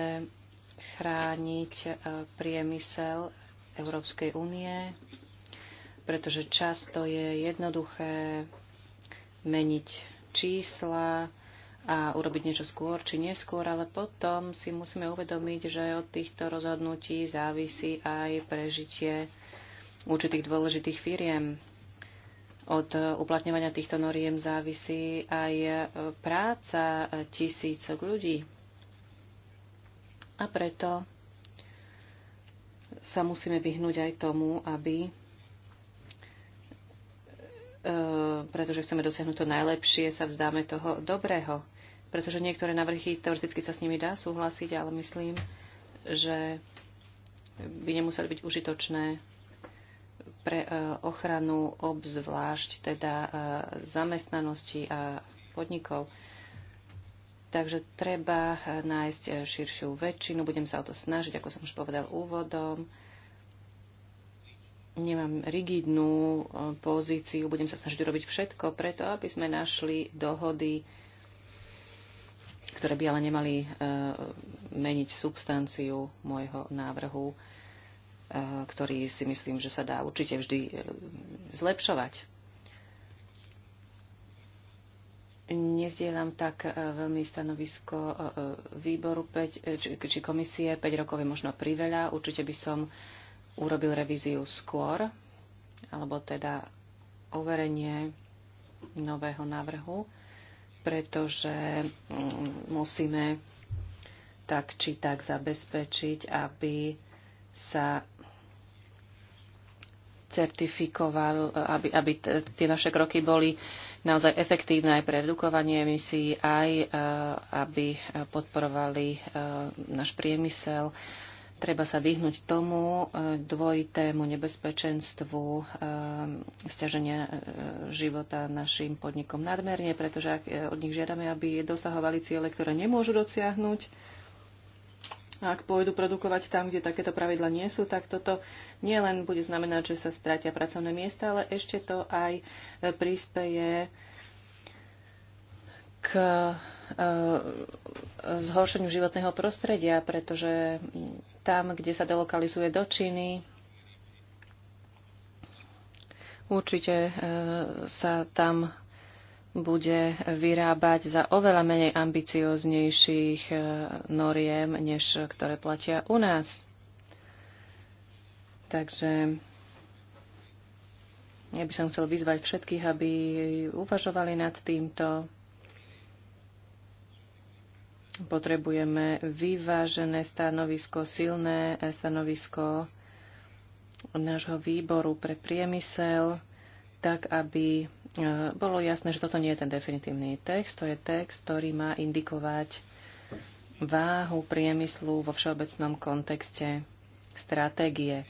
chrániť priemysel Európskej únie, pretože často je jednoduché meniť čísla a urobiť niečo skôr či neskôr, ale potom si musíme uvedomiť, že od týchto rozhodnutí závisí aj prežitie určitých dôležitých firiem od uplatňovania týchto noriem závisí aj e, práca tisícok ľudí. A preto sa musíme vyhnúť aj tomu, aby e, pretože chceme dosiahnuť to najlepšie, sa vzdáme toho dobrého. Pretože niektoré navrhy, teoreticky sa s nimi dá súhlasiť, ale myslím, že by nemuseli byť užitočné pre e, ochranu obzvlášť teda e, zamestnanosti a podnikov. Takže treba e, nájsť širšiu väčšinu. Budem sa o to snažiť, ako som už povedal úvodom. Nemám rigidnú pozíciu. Budem sa snažiť urobiť všetko preto, aby sme našli dohody, ktoré by ale nemali meniť substanciu môjho návrhu Eh, ktorý si myslím, že sa dá určite vždy eh, zlepšovať. Nezdielam tak eh, veľmi stanovisko výboru 5, či, či komisie. 5 rokov je možno priveľa. Určite by som urobil revíziu skôr, alebo teda overenie nového návrhu, pretože mm, musíme tak či tak zabezpečiť, aby sa certifikoval, aby, aby tie naše kroky boli naozaj efektívne aj pre redukovanie emisí, aj e, aby podporovali e, náš priemysel. Treba sa vyhnúť tomu e, dvojitému nebezpečenstvu stiaženia života našim podnikom nadmerne, pretože ak od nich žiadame, aby dosahovali ciele, ktoré nemôžu dosiahnuť, ak pôjdu produkovať tam, kde takéto pravidla nie sú, tak toto nielen bude znamenať, že sa stratia pracovné miesta, ale ešte to aj e, príspeje k e, e, zhoršeniu životného prostredia, pretože tam, kde sa delokalizuje do Číny, určite sa tam bude vyrábať za oveľa menej ambicioznejších e, noriem, než ktoré platia u nás. Takže ja by som chcel vyzvať všetkých, aby uvažovali nad týmto. Potrebujeme vyvážené stanovisko, silné stanovisko nášho výboru pre priemysel, tak aby Eh, bolo jasné, že toto nie je ten definitívny text, to je text, ktorý má indikovať váhu priemyslu vo všeobecnom kontexte stratégie,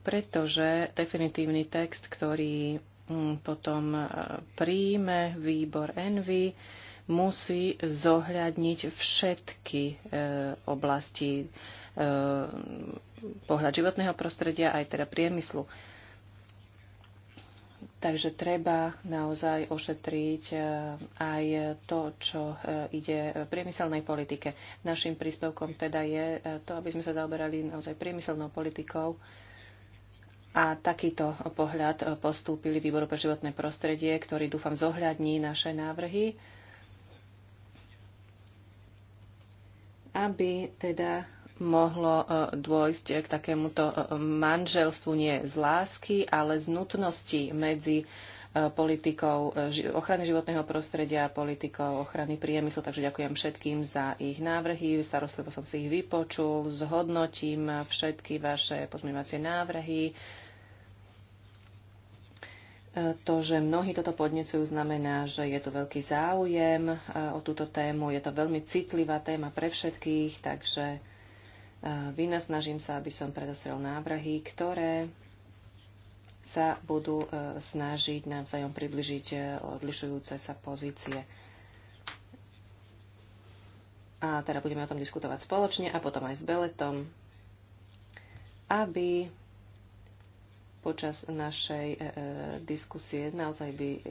pretože definitívny text, ktorý hm, potom eh, príjme výbor Envy, musí zohľadniť všetky e, oblasti e, pohľad životného prostredia aj teda priemyslu. E, Takže treba naozaj ošetriť e, aj to, čo e, ide v priemyselnej politike. Našim príspevkom teda je e, to, aby sme sa zaoberali naozaj priemyselnou politikou a takýto pohľad postúpili Výboru pre životné prostredie, ktorý dúfam zohľadní naše návrhy, aby teda mohlo e, dôjsť e, k takémuto e, manželstvu nie z lásky, ale z nutnosti medzi politikou ochrany životného prostredia a politikou ochrany priemyslu. Takže ďakujem všetkým za ich návrhy. Starostlivo som si ich vypočul, zhodnotím všetky vaše pozmývacie návrhy. To, že mnohí toto podnecujú, znamená, že je tu veľký záujem o túto tému. Je to veľmi citlivá téma pre všetkých, takže vynasnažím sa, aby som predostrel návrhy, ktoré sa budú e, snažiť navzájom približiť e, odlišujúce sa pozície. A teda budeme o tom diskutovať spoločne a potom aj s Beletom, aby počas našej e, e diskusie naozaj by e,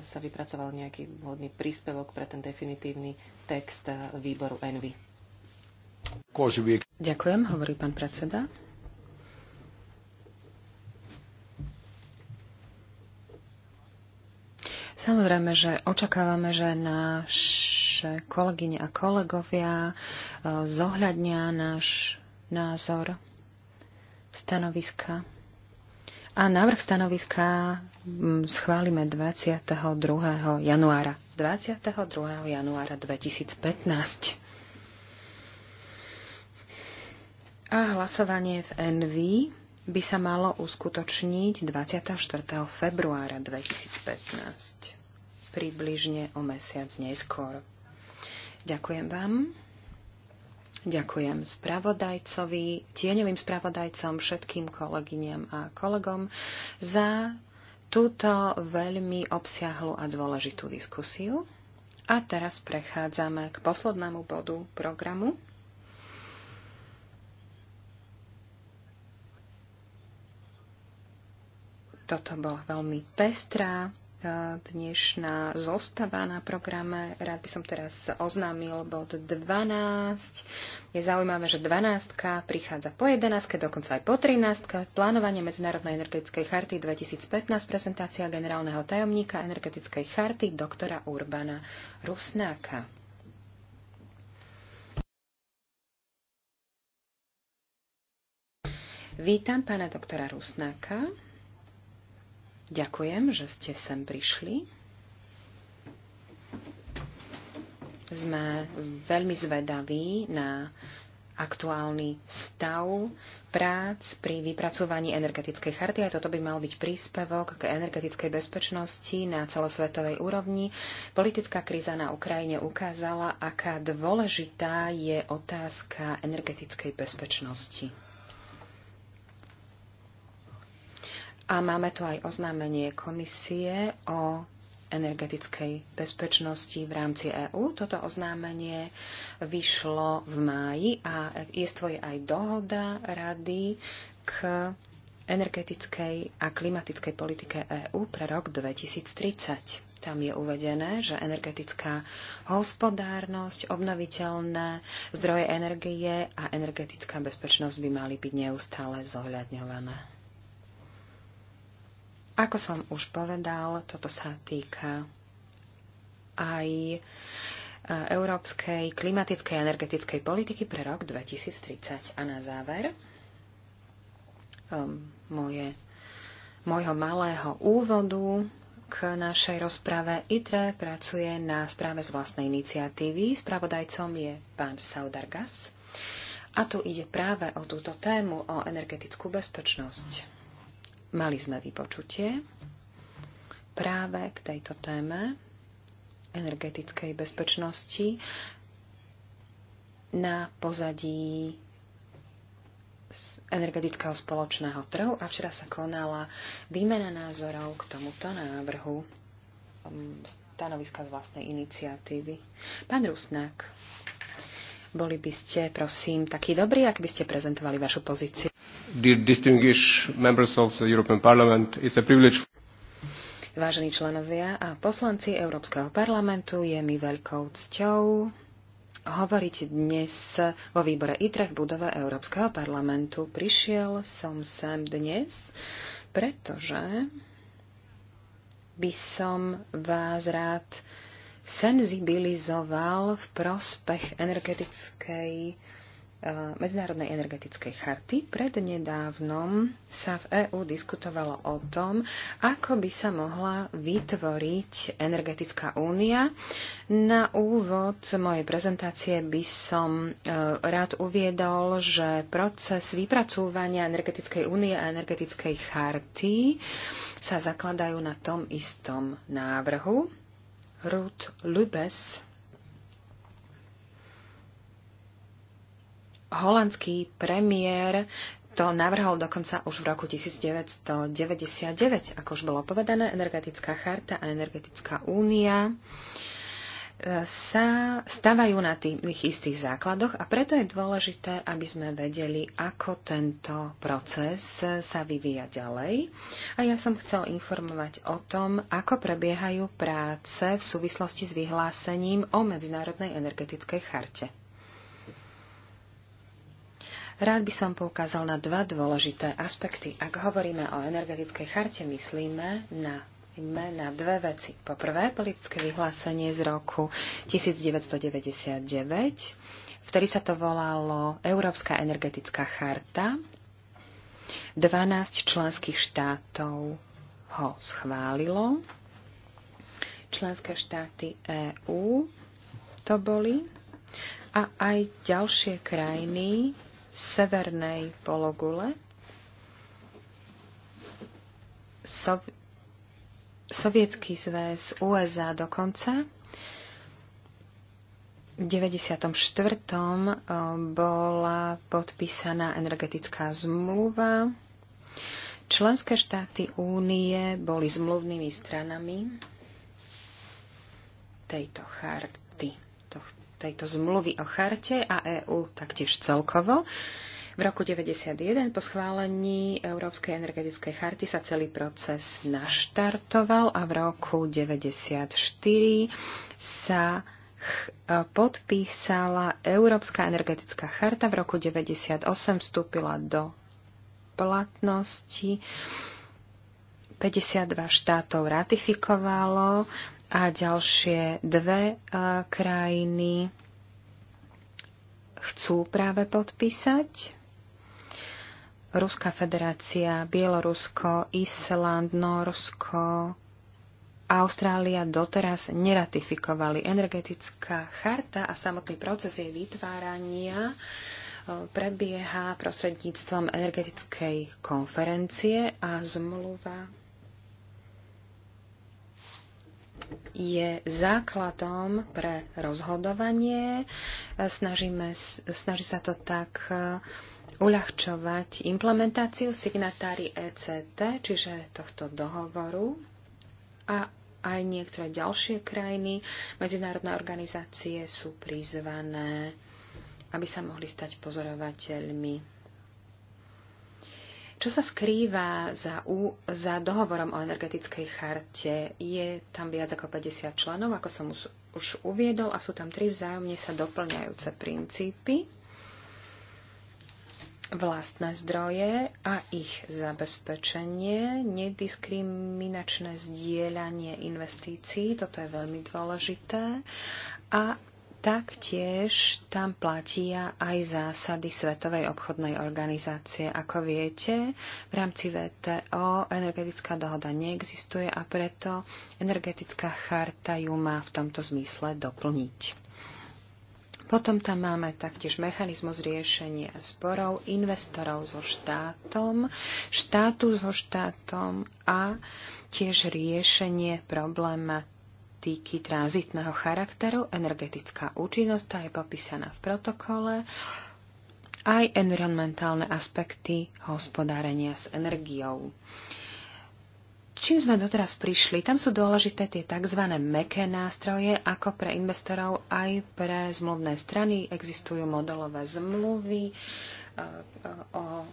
sa vypracoval nejaký vhodný príspevok pre ten definitívny text výboru Envy. Ďakujem, hovorí pán predseda. Samozrejme, že očakávame, že naše kolegyne a kolegovia e, zohľadnia náš názor, stanoviska. A návrh stanoviska schválime 22. januára. 22. januára 2015. A hlasovanie v NV by sa malo uskutočniť 24. februára 2015, približne o mesiac neskôr. Ďakujem vám. Ďakujem spravodajcovi, tieňovým spravodajcom, všetkým kolegyňam a kolegom za túto veľmi obsiahlu a dôležitú diskusiu. A teraz prechádzame k poslednému bodu programu. Toto bola veľmi pestrá e, dnešná zostava na programe. Rád by som teraz oznámil bod 12. Je zaujímavé, že 12 prichádza po 11, dokonca aj po 13. Plánovanie Medzinárodnej energetickej charty 2015, prezentácia generálneho tajomníka energetickej charty doktora Urbana Rusnáka. Vítam pána doktora Rusnáka. Ďakujem, že ste sem prišli. Sme veľmi zvedaví na aktuálny stav prác pri vypracovaní energetickej charty a toto by mal byť príspevok k energetickej bezpečnosti na celosvetovej úrovni. Politická kríza na Ukrajine ukázala, aká dôležitá je otázka energetickej bezpečnosti. A máme tu aj oznámenie komisie o energetickej bezpečnosti v rámci EÚ. Toto oznámenie vyšlo v máji a je aj dohoda rady k energetickej a klimatickej politike EÚ pre rok 2030. Tam je uvedené, že energetická hospodárnosť, obnoviteľné zdroje energie a energetická bezpečnosť by mali byť neustále zohľadňované. Ako som už povedal, toto sa týka aj e, európskej klimatickej a energetickej politiky pre rok 2030. A na záver e, moje, môjho malého úvodu k našej rozprave ITRE pracuje na správe z vlastnej iniciatívy. Spravodajcom je pán Saudargas. A tu ide práve o túto tému, o energetickú bezpečnosť. Mali sme vypočutie práve k tejto téme energetickej bezpečnosti na pozadí energetického spoločného trhu a včera sa konala výmena názorov k tomuto návrhu um, stanoviska z vlastnej iniciatívy. Pán Rusnak, boli by ste, prosím, takí dobrí, ak by ste prezentovali vašu pozíciu. Vážení členovia a poslanci Európskeho parlamentu, je mi veľkou cťou hovoriť dnes vo výbore ITRE v budove Európskeho parlamentu. Prišiel som sem dnes, pretože by som vás rád senzibilizoval v prospech energetickej eh, Medzinárodnej energetickej charty. Prednedávnom sa v EÚ diskutovalo o tom, ako by sa mohla vytvoriť energetická únia. Na úvod mojej prezentácie by som eh, rád uviedol, že proces vypracúvania energetickej únie a energetickej charty sa zakladajú na tom istom návrhu Ruth Lubes, holandský premiér, to navrhol dokonca už v roku 1999, ako už bolo povedané, energetická charta a energetická únia. Uh, sa stavajú na tých istých základoch a preto je dôležité, aby sme vedeli, ako tento proces sa vyvíja ďalej. A ja som chcel informovať o tom, ako prebiehajú práce v súvislosti s vyhlásením o Medzinárodnej energetickej charte. Rád by som poukázal na dva dôležité aspekty. Ak hovoríme o energetickej charte, myslíme na poďme na dve veci. Po prvé, politické vyhlásenie z roku 1999, vtedy sa to volalo Európska energetická charta. 12 členských štátov ho schválilo. Členské štáty EÚ to boli a aj ďalšie krajiny severnej pologule, Sov- Sovietský zväz USA dokonca. V 94. Eh, bola podpísaná energetická zmluva. Členské štáty únie boli zmluvnými stranami tejto charty, tejto zmluvy o charte a EÚ taktiež celkovo. V roku 1991 po schválení Európskej energetickej charty sa celý proces naštartoval a v roku 1994 sa e, podpísala Európska energetická charta. V roku 1998 vstúpila do platnosti. 52 štátov ratifikovalo a ďalšie dve e, krajiny chcú práve podpísať. Ruská federácia, Bielorusko, Island, Norsko, a Austrália doteraz neratifikovali. Energetická charta a samotný proces jej vytvárania e, prebieha prostredníctvom energetickej konferencie a zmluva je základom pre rozhodovanie. E, snažíme, snaží sa to tak uh, uľahčovať implementáciu signatári ECT, čiže tohto dohovoru a aj niektoré ďalšie krajiny, medzinárodné organizácie sú prizvané, aby sa mohli stať pozorovateľmi. Čo sa skrýva za, U, za dohovorom o energetickej charte? Je tam viac ako 50 členov, ako som už, už uviedol, a sú tam tri vzájomne sa doplňajúce princípy vlastné zdroje a ich zabezpečenie, nediskriminačné zdieľanie investícií, toto je veľmi dôležité, a taktiež tam platia aj zásady Svetovej obchodnej organizácie. Ako viete, v rámci VTO energetická dohoda neexistuje a preto energetická charta ju má v tomto zmysle doplniť. Potom tam máme taktiež mechanizmus riešenia sporov investorov so štátom, štátu so štátom a tiež riešenie problematiky tranzitného charakteru. Energetická účinnosť tá je popísaná v protokole aj environmentálne aspekty hospodárenia s energiou. Uh, čím sme doteraz prišli, tam sú dôležité tie tzv. meké nástroje, ako pre investorov, aj pre zmluvné strany. Existujú modelové zmluvy e, e, o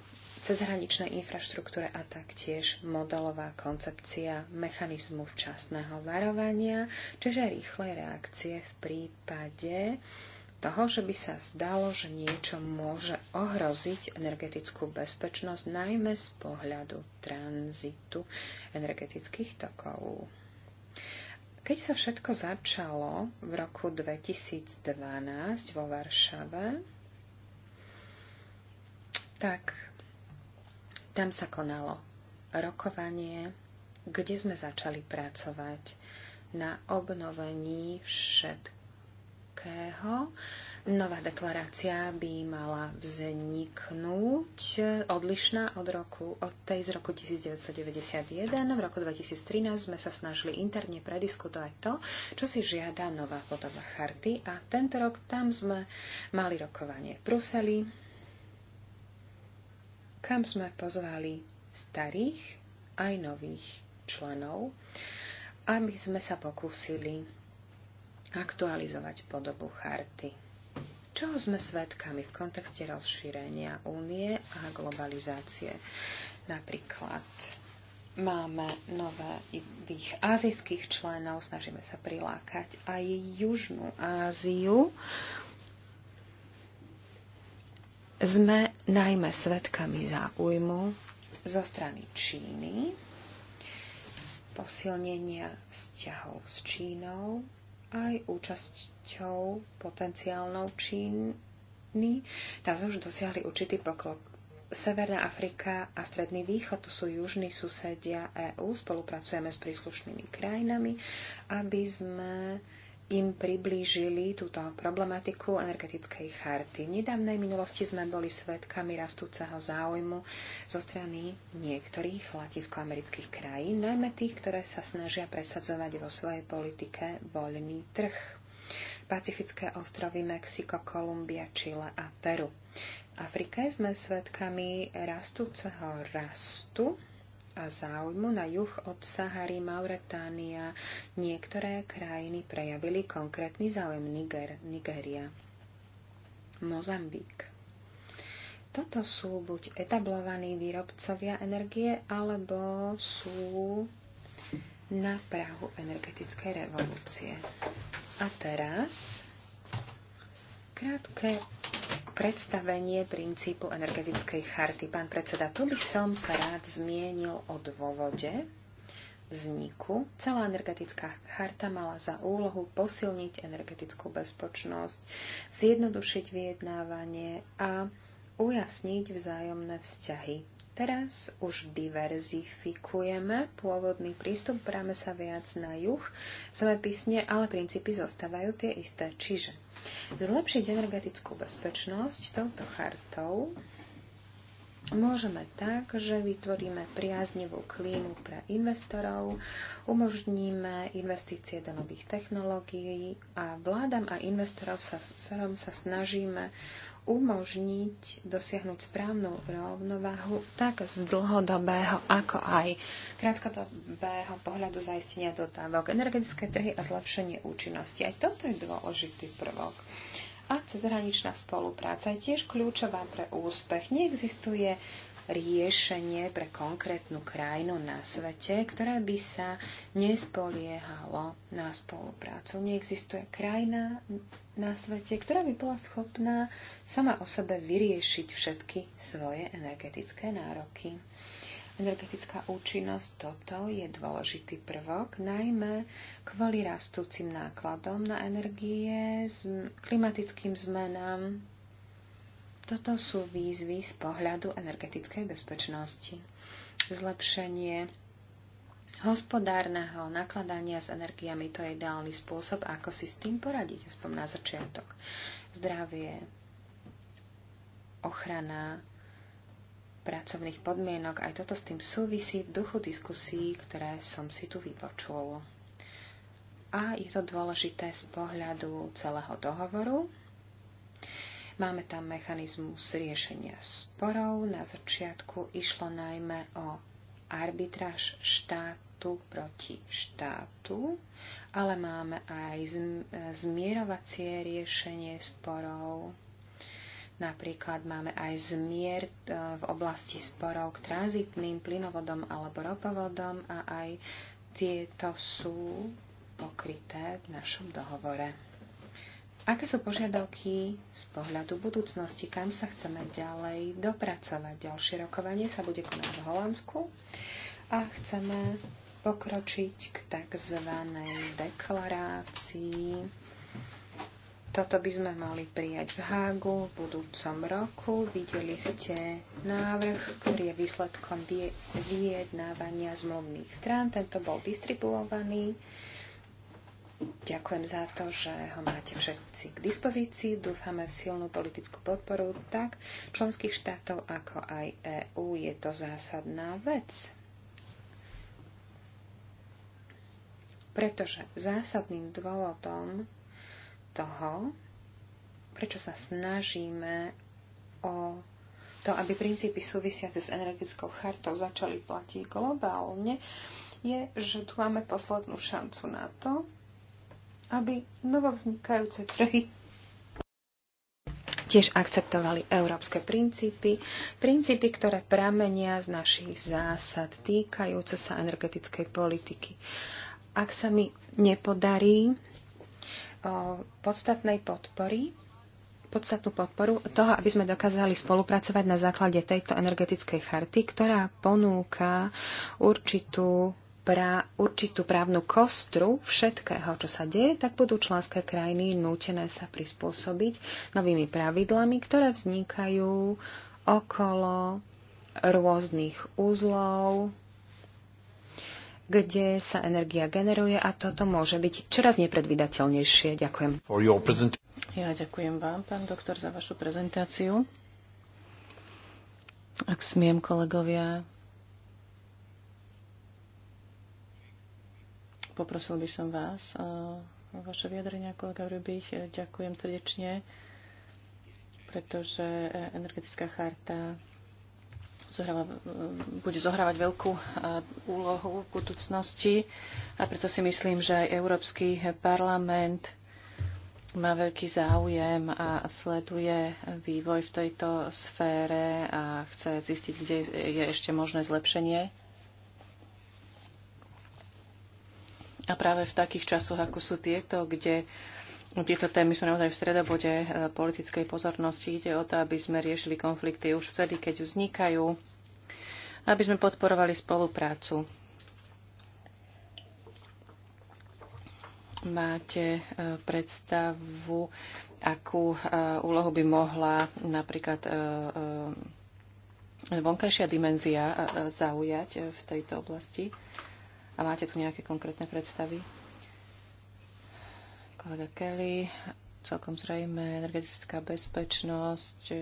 cezhraničnej infraštruktúre a taktiež modelová koncepcia mechanizmu včasného varovania, čiže rýchlej reakcie v prípade, toho, že by sa zdalo, že niečo môže ohroziť energetickú bezpečnosť, najmä z pohľadu tranzitu energetických tokov. Keď sa všetko začalo v roku 2012 vo Varšave, tak tam sa konalo rokovanie, kde sme začali pracovať na obnovení všetkých Vysokého. Nová deklarácia by mala vzniknúť odlišná od, roku, od tej z roku 1991. V roku 2013 sme sa snažili interne prediskutovať to, čo si žiada nová podoba charty a tento rok tam sme mali rokovanie v Bruseli, kam sme pozvali starých aj nových členov, aby sme sa pokúsili aktualizovať podobu charty. Čoho sme svedkami v kontexte rozšírenia únie a globalizácie? Napríklad máme nových azijských členov, snažíme sa prilákať aj Južnú Áziu. Sme najmä svedkami záujmu zo strany Číny, posilnenia vzťahov s Čínou, aj účasťou potenciálnou Číny. tá už dosiahli určitý pokrok. Severná Afrika a Stredný východ, tu sú južní susedia EÚ, spolupracujeme s príslušnými krajinami, aby sme uh, im priblížili túto problematiku energetickej charty. V nedávnej minulosti sme boli svedkami rastúceho záujmu zo strany niektorých latinskoamerických krajín, najmä tých, ktoré sa snažia presadzovať vo svojej politike voľný trh. Pacifické ostrovy Mexiko, Kolumbia, Chile a Peru. V Afrike sme svetkami rastúceho rastu a záujmu na juh od Sahary, Mauretánia. Niektoré krajiny prejavili konkrétny záujem Niger, Nigeria, Mozambik. Toto sú buď etablovaní výrobcovia energie, alebo sú na prahu energetickej revolúcie. A teraz krátke predstavenie princípu energetickej charty. Pán predseda, tu by som sa rád zmienil o dôvode vzniku. Celá energetická charta mala za úlohu posilniť energetickú bezpočnosť, zjednodušiť vyjednávanie a ujasniť vzájomné vzťahy. Teraz už diverzifikujeme pôvodný prístup, práme sa viac na juh, písne, ale princípy zostávajú tie isté. Čiže zlepšiť energetickú bezpečnosť touto chartou Môžeme tak, že vytvoríme priaznivú klímu pre investorov, umožníme investície do nových technológií a vládam a investorov sa, sa snažíme umožniť dosiahnuť správnu rovnováhu tak z dlhodobého, ako aj krátkodobého pohľadu zaistenia dotávok, energetické trhy a zlepšenie účinnosti. Aj toto je dôležitý prvok. A cezhraničná spolupráca je tiež kľúčová pre úspech. Neexistuje riešenie pre konkrétnu krajinu na svete, ktoré by sa nespoliehalo na spoluprácu. Neexistuje krajina na svete, ktorá by bola schopná sama o sebe vyriešiť všetky svoje energetické nároky. Energetická účinnosť toto je dôležitý prvok, najmä kvôli rastúcim nákladom na energie, klimatickým zmenám, toto sú výzvy z pohľadu energetickej bezpečnosti. Zlepšenie hospodárneho nakladania s energiami to je ideálny spôsob, ako si s tým poradiť, aspoň na začiatok. Zdravie, ochrana pracovných podmienok, aj toto s tým súvisí v duchu diskusí, ktoré som si tu vypočul. A je to dôležité z pohľadu celého dohovoru, Máme tam mechanizmus riešenia sporov. Na začiatku išlo najmä o arbitráž štátu proti štátu, ale máme aj zmierovacie riešenie sporov. Napríklad máme aj zmier e, v oblasti sporov k tranzitným plynovodom alebo ropovodom a aj tieto sú pokryté v našom dohovore. Aké sú požiadavky z pohľadu budúcnosti, kam sa chceme ďalej dopracovať? Ďalšie rokovanie sa bude konať v Holandsku a chceme pokročiť k tzv. deklarácii. Toto by sme mali prijať v Hágu v budúcom roku. Videli ste návrh, ktorý je výsledkom vyjednávania zmluvných strán. Tento bol distribuovaný. Ďakujem za to, že ho máte všetci k dispozícii. Dúfame v silnú politickú podporu tak členských štátov, ako aj EÚ. Je to zásadná vec. Pretože zásadným dôvodom toho, prečo sa snažíme o to, aby princípy súvisiace s energetickou chartou začali platiť globálne, je, že tu máme poslednú šancu na to, aby novovznikajúce trhy tiež akceptovali európske princípy, princípy, ktoré pramenia z našich zásad týkajúce sa energetickej politiky. Ak sa mi nepodarí podstatnej podpory, podstatnú podporu toho, aby sme dokázali spolupracovať na základe tejto energetickej charty, ktorá ponúka určitú pra, určitú právnu kostru všetkého, čo sa deje, tak budú členské krajiny nútené sa prispôsobiť novými pravidlami, ktoré vznikajú okolo rôznych úzlov, kde sa energia generuje a toto môže byť čoraz nepredvydateľnejšie. Ďakujem. Ja ďakujem vám, pán doktor, za vašu prezentáciu. Ak smiem, kolegovia, Poprosil by som vás eh, o vaše vyjadrenia, kolega Rubich. Ďakujem srdečne, pretože eh, energetická charta zohráva, eh, bude zohrávať veľkú úlohu v budúcnosti a preto si myslím, že aj Európsky parlament má veľký záujem a sleduje vývoj v tejto sfére a chce zistiť, kde je ešte možné zlepšenie. A práve v takých časoch, ako sú tieto, kde tieto témy sú naozaj v stredobode eh, politickej pozornosti, ide o to, aby sme riešili konflikty už vtedy, keď vznikajú, aby sme podporovali spoluprácu. máte eh, predstavu, akú eh, úlohu by mohla napríklad vonkajšia dimenzia zaujať v tejto oblasti? A máte tu nejaké konkrétne predstavy? Kolega Kelly, celkom zrejme energetická bezpečnosť, e,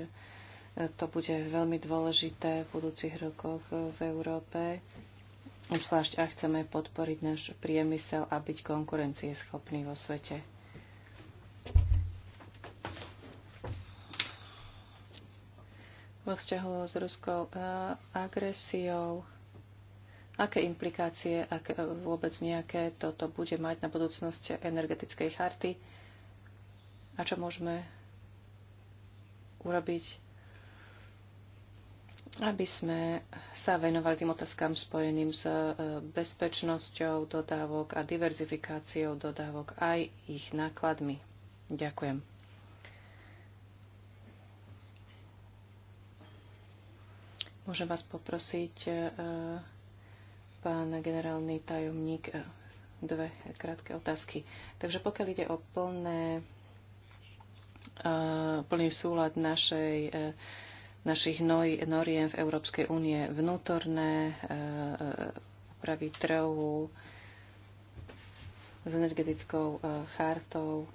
to bude veľmi dôležité v budúcich rokoch e, v Európe, obzvlášť ak chceme podporiť náš priemysel a byť konkurencieschopný vo svete. vo vzťahu s ruskou e, agresiou aké implikácie, ak e, vôbec nejaké, toto bude mať na budúcnosť energetickej charty a čo môžeme urobiť, aby sme sa venovali tým otázkam spojeným s e, bezpečnosťou dodávok a diverzifikáciou dodávok aj ich nákladmi. Ďakujem. Môžem vás poprosiť e, Pán generálny tajomník, eh, dve krátke otázky. Takže pokiaľ ide o plné, eh, plný súlad našej, eh, našich noriem v Európskej únie, vnútorné úpravy trhu s energetickou chartou,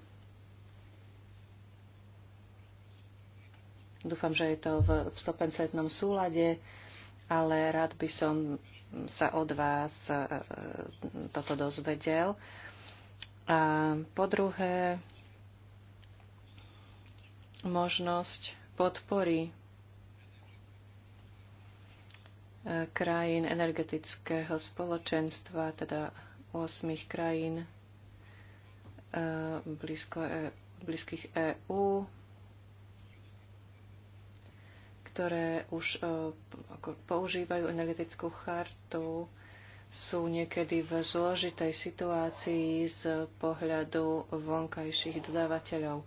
Dúfam, že je to v 100% súlade, ale rád by som sa od vás e, e, toto dozvedel. A po druhé, možnosť podpory e, krajín energetického spoločenstva, teda 8 krajín blízko, blízkych EÚ, ktoré už e, používajú energetickú chartu, sú niekedy v zložitej situácii z pohľadu vonkajších dodávateľov.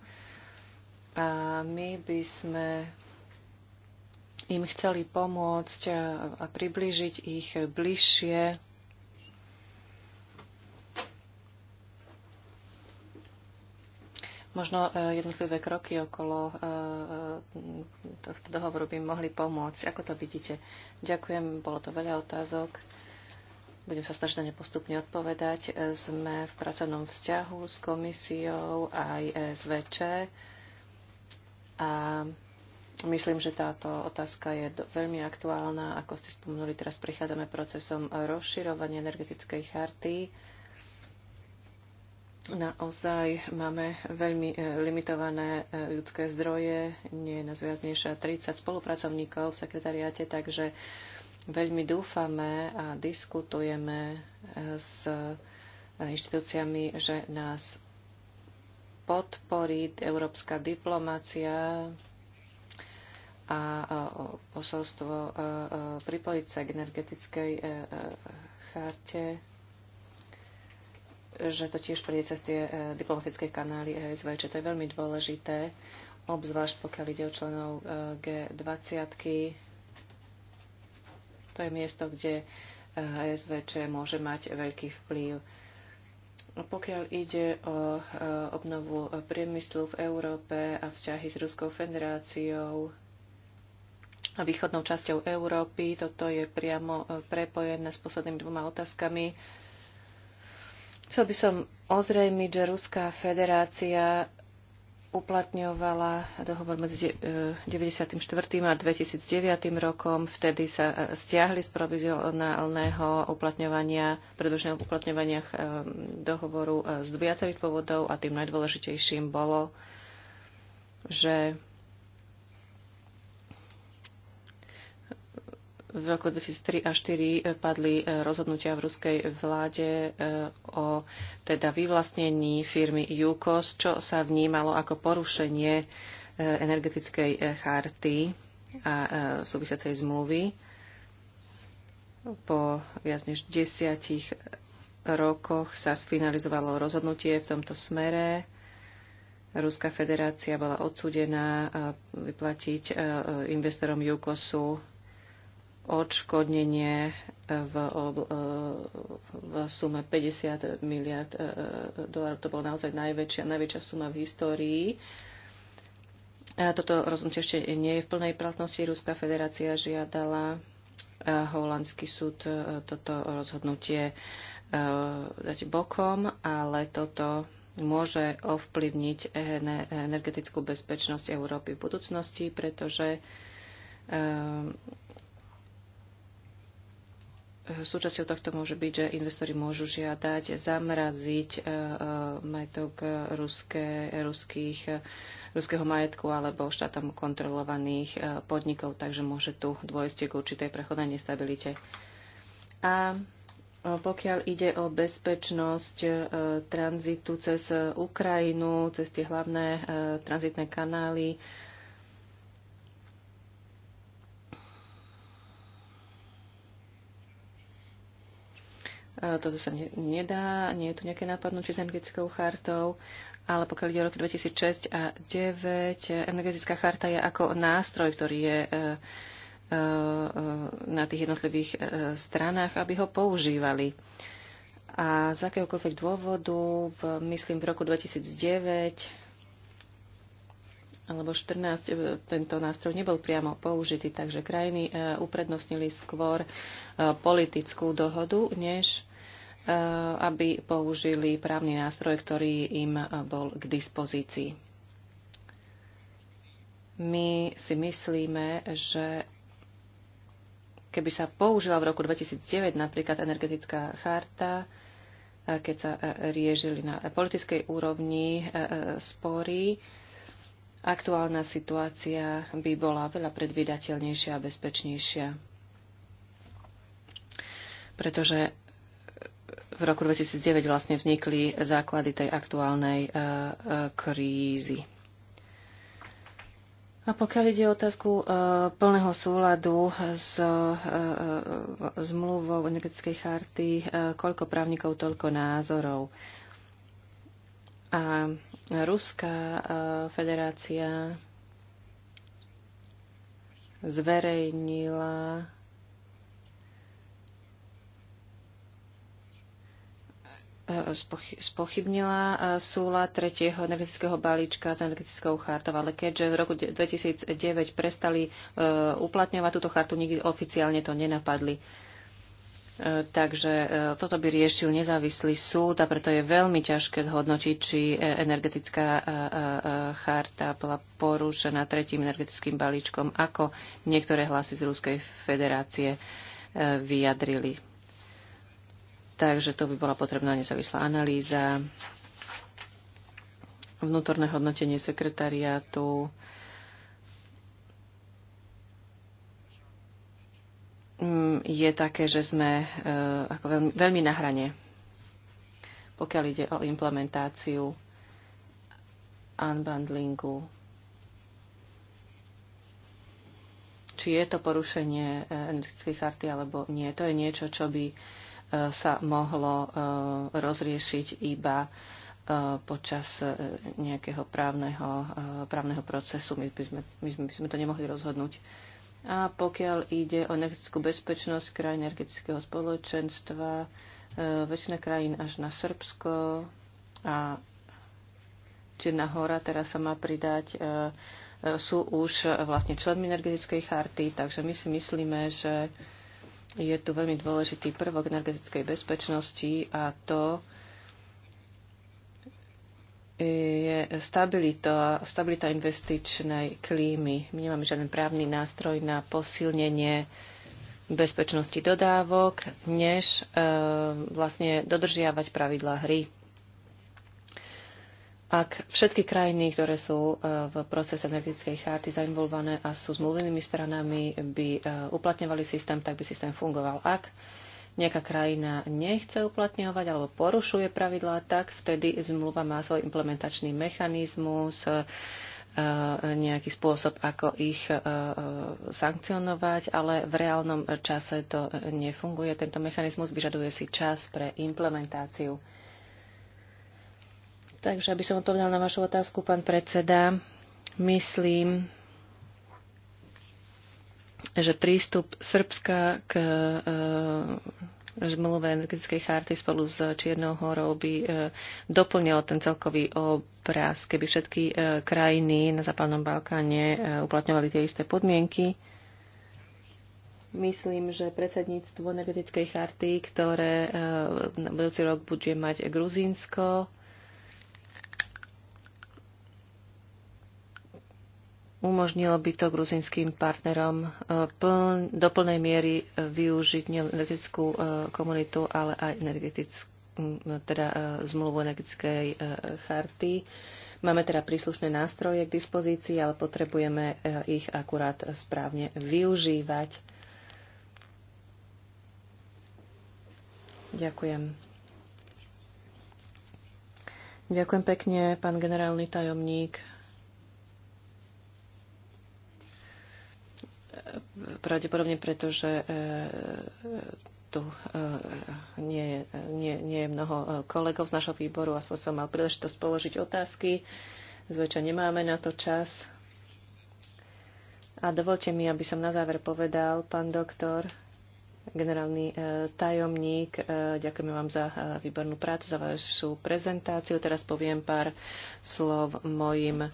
A my by sme im chceli pomôcť a priblížiť ich bližšie Možno e, jednotlivé kroky okolo e, e, tohto dohovoru by mohli pomôcť. Ako to vidíte? Ďakujem, bolo to veľa otázok. Budem sa snažiť na ne postupne odpovedať. Sme v pracovnom vzťahu s komisiou aj VČ. a myslím, že táto otázka je veľmi aktuálna. Ako ste spomenuli, teraz prichádzame procesom rozširovania energetickej charty Naozaj máme veľmi e, limitované e, ľudské zdroje, nie je nás viac než 30 e, spolupracovníkov v sekretariáte, takže veľmi dúfame a diskutujeme s inštitúciami, že nás podporí európska diplomácia a posolstvo pripojiť sa k energetickej charte že to tiež príde cez tie e, diplomatické kanály ESV, čo to je veľmi dôležité, obzvlášť pokiaľ ide o členov e, G20. To je miesto, kde ESVČ e môže mať veľký vplyv. Pokiaľ ide o obnovu priemyslu v Európe a vzťahy s Ruskou federáciou, a východnou časťou Európy. Toto je priamo prepojené s poslednými dvoma otázkami. Chcel by som ozrejmiť, že Ruská federácia uplatňovala dohovor medzi 1994. E, a 2009. rokom. Vtedy sa e, stiahli z provizionálneho uplatňovania, predbežného uplatňovania e, dohovoru z viacerých dôvodov a tým najdôležitejším bolo, že v roku 2003 a 2004 e, padli e, rozhodnutia v ruskej vláde e, o teda vyvlastnení firmy Jukos, čo sa vnímalo ako porušenie energetickej charty a súvisiacej zmluvy. Po viac než desiatich rokoch sa sfinalizovalo rozhodnutie v tomto smere. Ruská federácia bola odsúdená vyplatiť investorom Jukosu odškodnenie e, v, e, v sume 50 miliard e, dolárov. To bola naozaj najväčšia, najväčšia suma v histórii. Toto rozhodnutie ešte nie je v plnej platnosti. Ruská federácia žiadala holandský súd toto rozhodnutie dať bokom, ale toto môže ovplyvniť energetickú bezpečnosť Európy v budúcnosti, pretože súčasťou tohto môže byť, že investori môžu žiadať zamraziť e, e, majetok ruské, ruských, ruského majetku alebo štátom kontrolovaných e, podnikov, takže môže tu dôjsť k určitej prechodnej nestabilite. A pokiaľ ide o bezpečnosť tranzitu cez Ukrajinu, cez tie hlavné tranzitné kanály, Toto sa ne, nedá, nie je tu nejaké nápadnutie s energetickou chartou, ale pokiaľ ide o roky 2006 a 2009, energetická charta je ako nástroj, ktorý je e, e, e, na tých jednotlivých stranách, aby ho používali. A z akéhokoľvek dôvodu, v, myslím v roku 2009 alebo 14 tento nástroj nebol priamo použitý, takže krajiny uprednostnili skôr politickú dohodu, než Eh, aby použili právny nástroj, ktorý im eh, bol k dispozícii. My si myslíme, že keby sa použila v roku 2009 napríklad energetická charta, eh, keď sa riešili na politickej úrovni spory, aktuálna situácia by bola veľa predvydateľnejšia a bezpečnejšia. Pretože v roku 2009 vlastne vznikli základy tej aktuálnej eh, eh, krízy. A pokiaľ ide o otázku eh, plného súladu s zmluvou energetickej charty, koľko právnikov, toľko názorov. A Ruská federácia zverejnila Eh, spochybnila eh, súla tretieho energetického balíčka s energetickou chartou, ale keďže v roku 2009 prestali eh, uplatňovať túto chartu, nikdy oficiálne to nenapadli. Takže toto by riešil nezávislý súd a preto je veľmi ťažké zhodnotiť, či energetická charta bola porušená tretím energetickým balíčkom, ako niektoré hlasy z Ruskej federácie vyjadrili. Takže to by bola potrebná nezávislá analýza, vnútorné hodnotenie sekretariátu, mm, je také, že sme eh, ako veľmi, veľmi na hrane, pokiaľ ide o implementáciu unbundlingu. Či je to porušenie eh, energetickej charty alebo nie, to je niečo, čo by sa mohlo e, rozriešiť iba e, počas e, nejakého právneho, právneho procesu. My by, sme, my by sme to nemohli rozhodnúť. A pokiaľ ide o energetickú bezpečnosť kraj energetického spoločenstva, väčšina krajín až na Srbsko a Čierna hora teraz sa má pridať, sú už vlastne členmi energetickej charty, takže my si myslíme, že je tu veľmi dôležitý prvok energetickej bezpečnosti a to je stabilita, stabilita investičnej klímy. My nemáme žiaden právny nástroj na posilnenie bezpečnosti dodávok, než e, vlastne dodržiavať pravidlá hry ak všetky krajiny, ktoré sú e, v procese energetickej charty zainvolvané a sú zmluvenými stranami, by e, uplatňovali systém, tak by systém fungoval. Ak nejaká krajina nechce uplatňovať alebo porušuje pravidlá, tak vtedy zmluva má svoj implementačný mechanizmus, e, nejaký spôsob, ako ich sankcionovať, ale v reálnom čase to nefunguje. Tento mechanizmus vyžaduje si čas pre implementáciu. Takže aby som odpovedal na vašu otázku, pán predseda, myslím, že prístup Srbska k e, zmluve energetickej charty spolu s Čiernou horou by e, doplnilo ten celkový obraz, keby všetky e, krajiny na Západnom Balkáne uplatňovali tie isté podmienky. Myslím, že predsedníctvo energetickej charty, ktoré na budúci rok bude mať Gruzínsko, Umožnilo by to gruzinským partnerom e, do plnej miery využiť nielen energetickú e, komunitu, ale aj teda e, zmluvu energetickej charty. Máme teda príslušné nástroje k dispozícii, ale potrebujeme ich akurát správne využívať. Ďakujem. Ďakujem pekne, pán generálny tajomník. Pravdepodobne preto, že e, e, tu e, nie, nie, nie je mnoho kolegov z našho výboru, aspoň som mal príležitosť položiť otázky. Zväčša nemáme na to čas. A dovolte mi, aby som na záver povedal, pán doktor, generálny tajomník, ďakujeme vám za výbornú prácu, za vašu prezentáciu. Teraz poviem pár slov mojim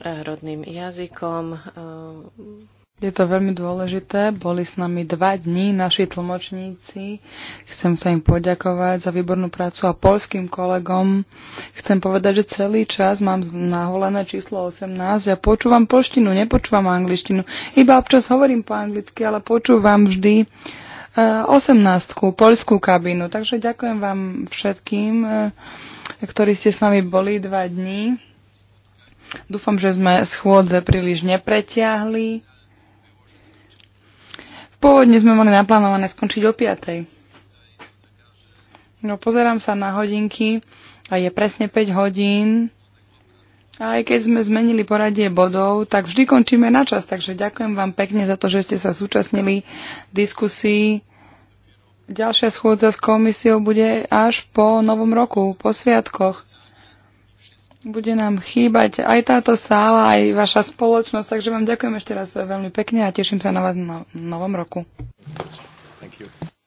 rodným jazykom je to veľmi dôležité. Boli s nami dva dní naši tlmočníci. Chcem sa im poďakovať za výbornú prácu a polským kolegom. Chcem povedať, že celý čas mám naholené číslo 18. Ja počúvam polštinu, nepočúvam angličtinu. Iba občas hovorím po anglicky, ale počúvam vždy 18. E, poľskú kabínu. Takže ďakujem vám všetkým, e, ktorí ste s nami boli dva dní. Dúfam, že sme schôdze príliš nepretiahli Pôvodne sme mali naplánované skončiť o 5. No pozerám sa na hodinky a je presne 5 hodín. A aj keď sme zmenili poradie bodov, tak vždy končíme na čas. Takže ďakujem vám pekne za to, že ste sa súčasnili diskusii. Ďalšia schôdza s komisiou bude až po novom roku, po sviatkoch. Bude nám chýbať aj táto sála, aj vaša spoločnosť, takže vám ďakujem ešte raz veľmi pekne a teším sa na vás na no-, novom roku. Thank you.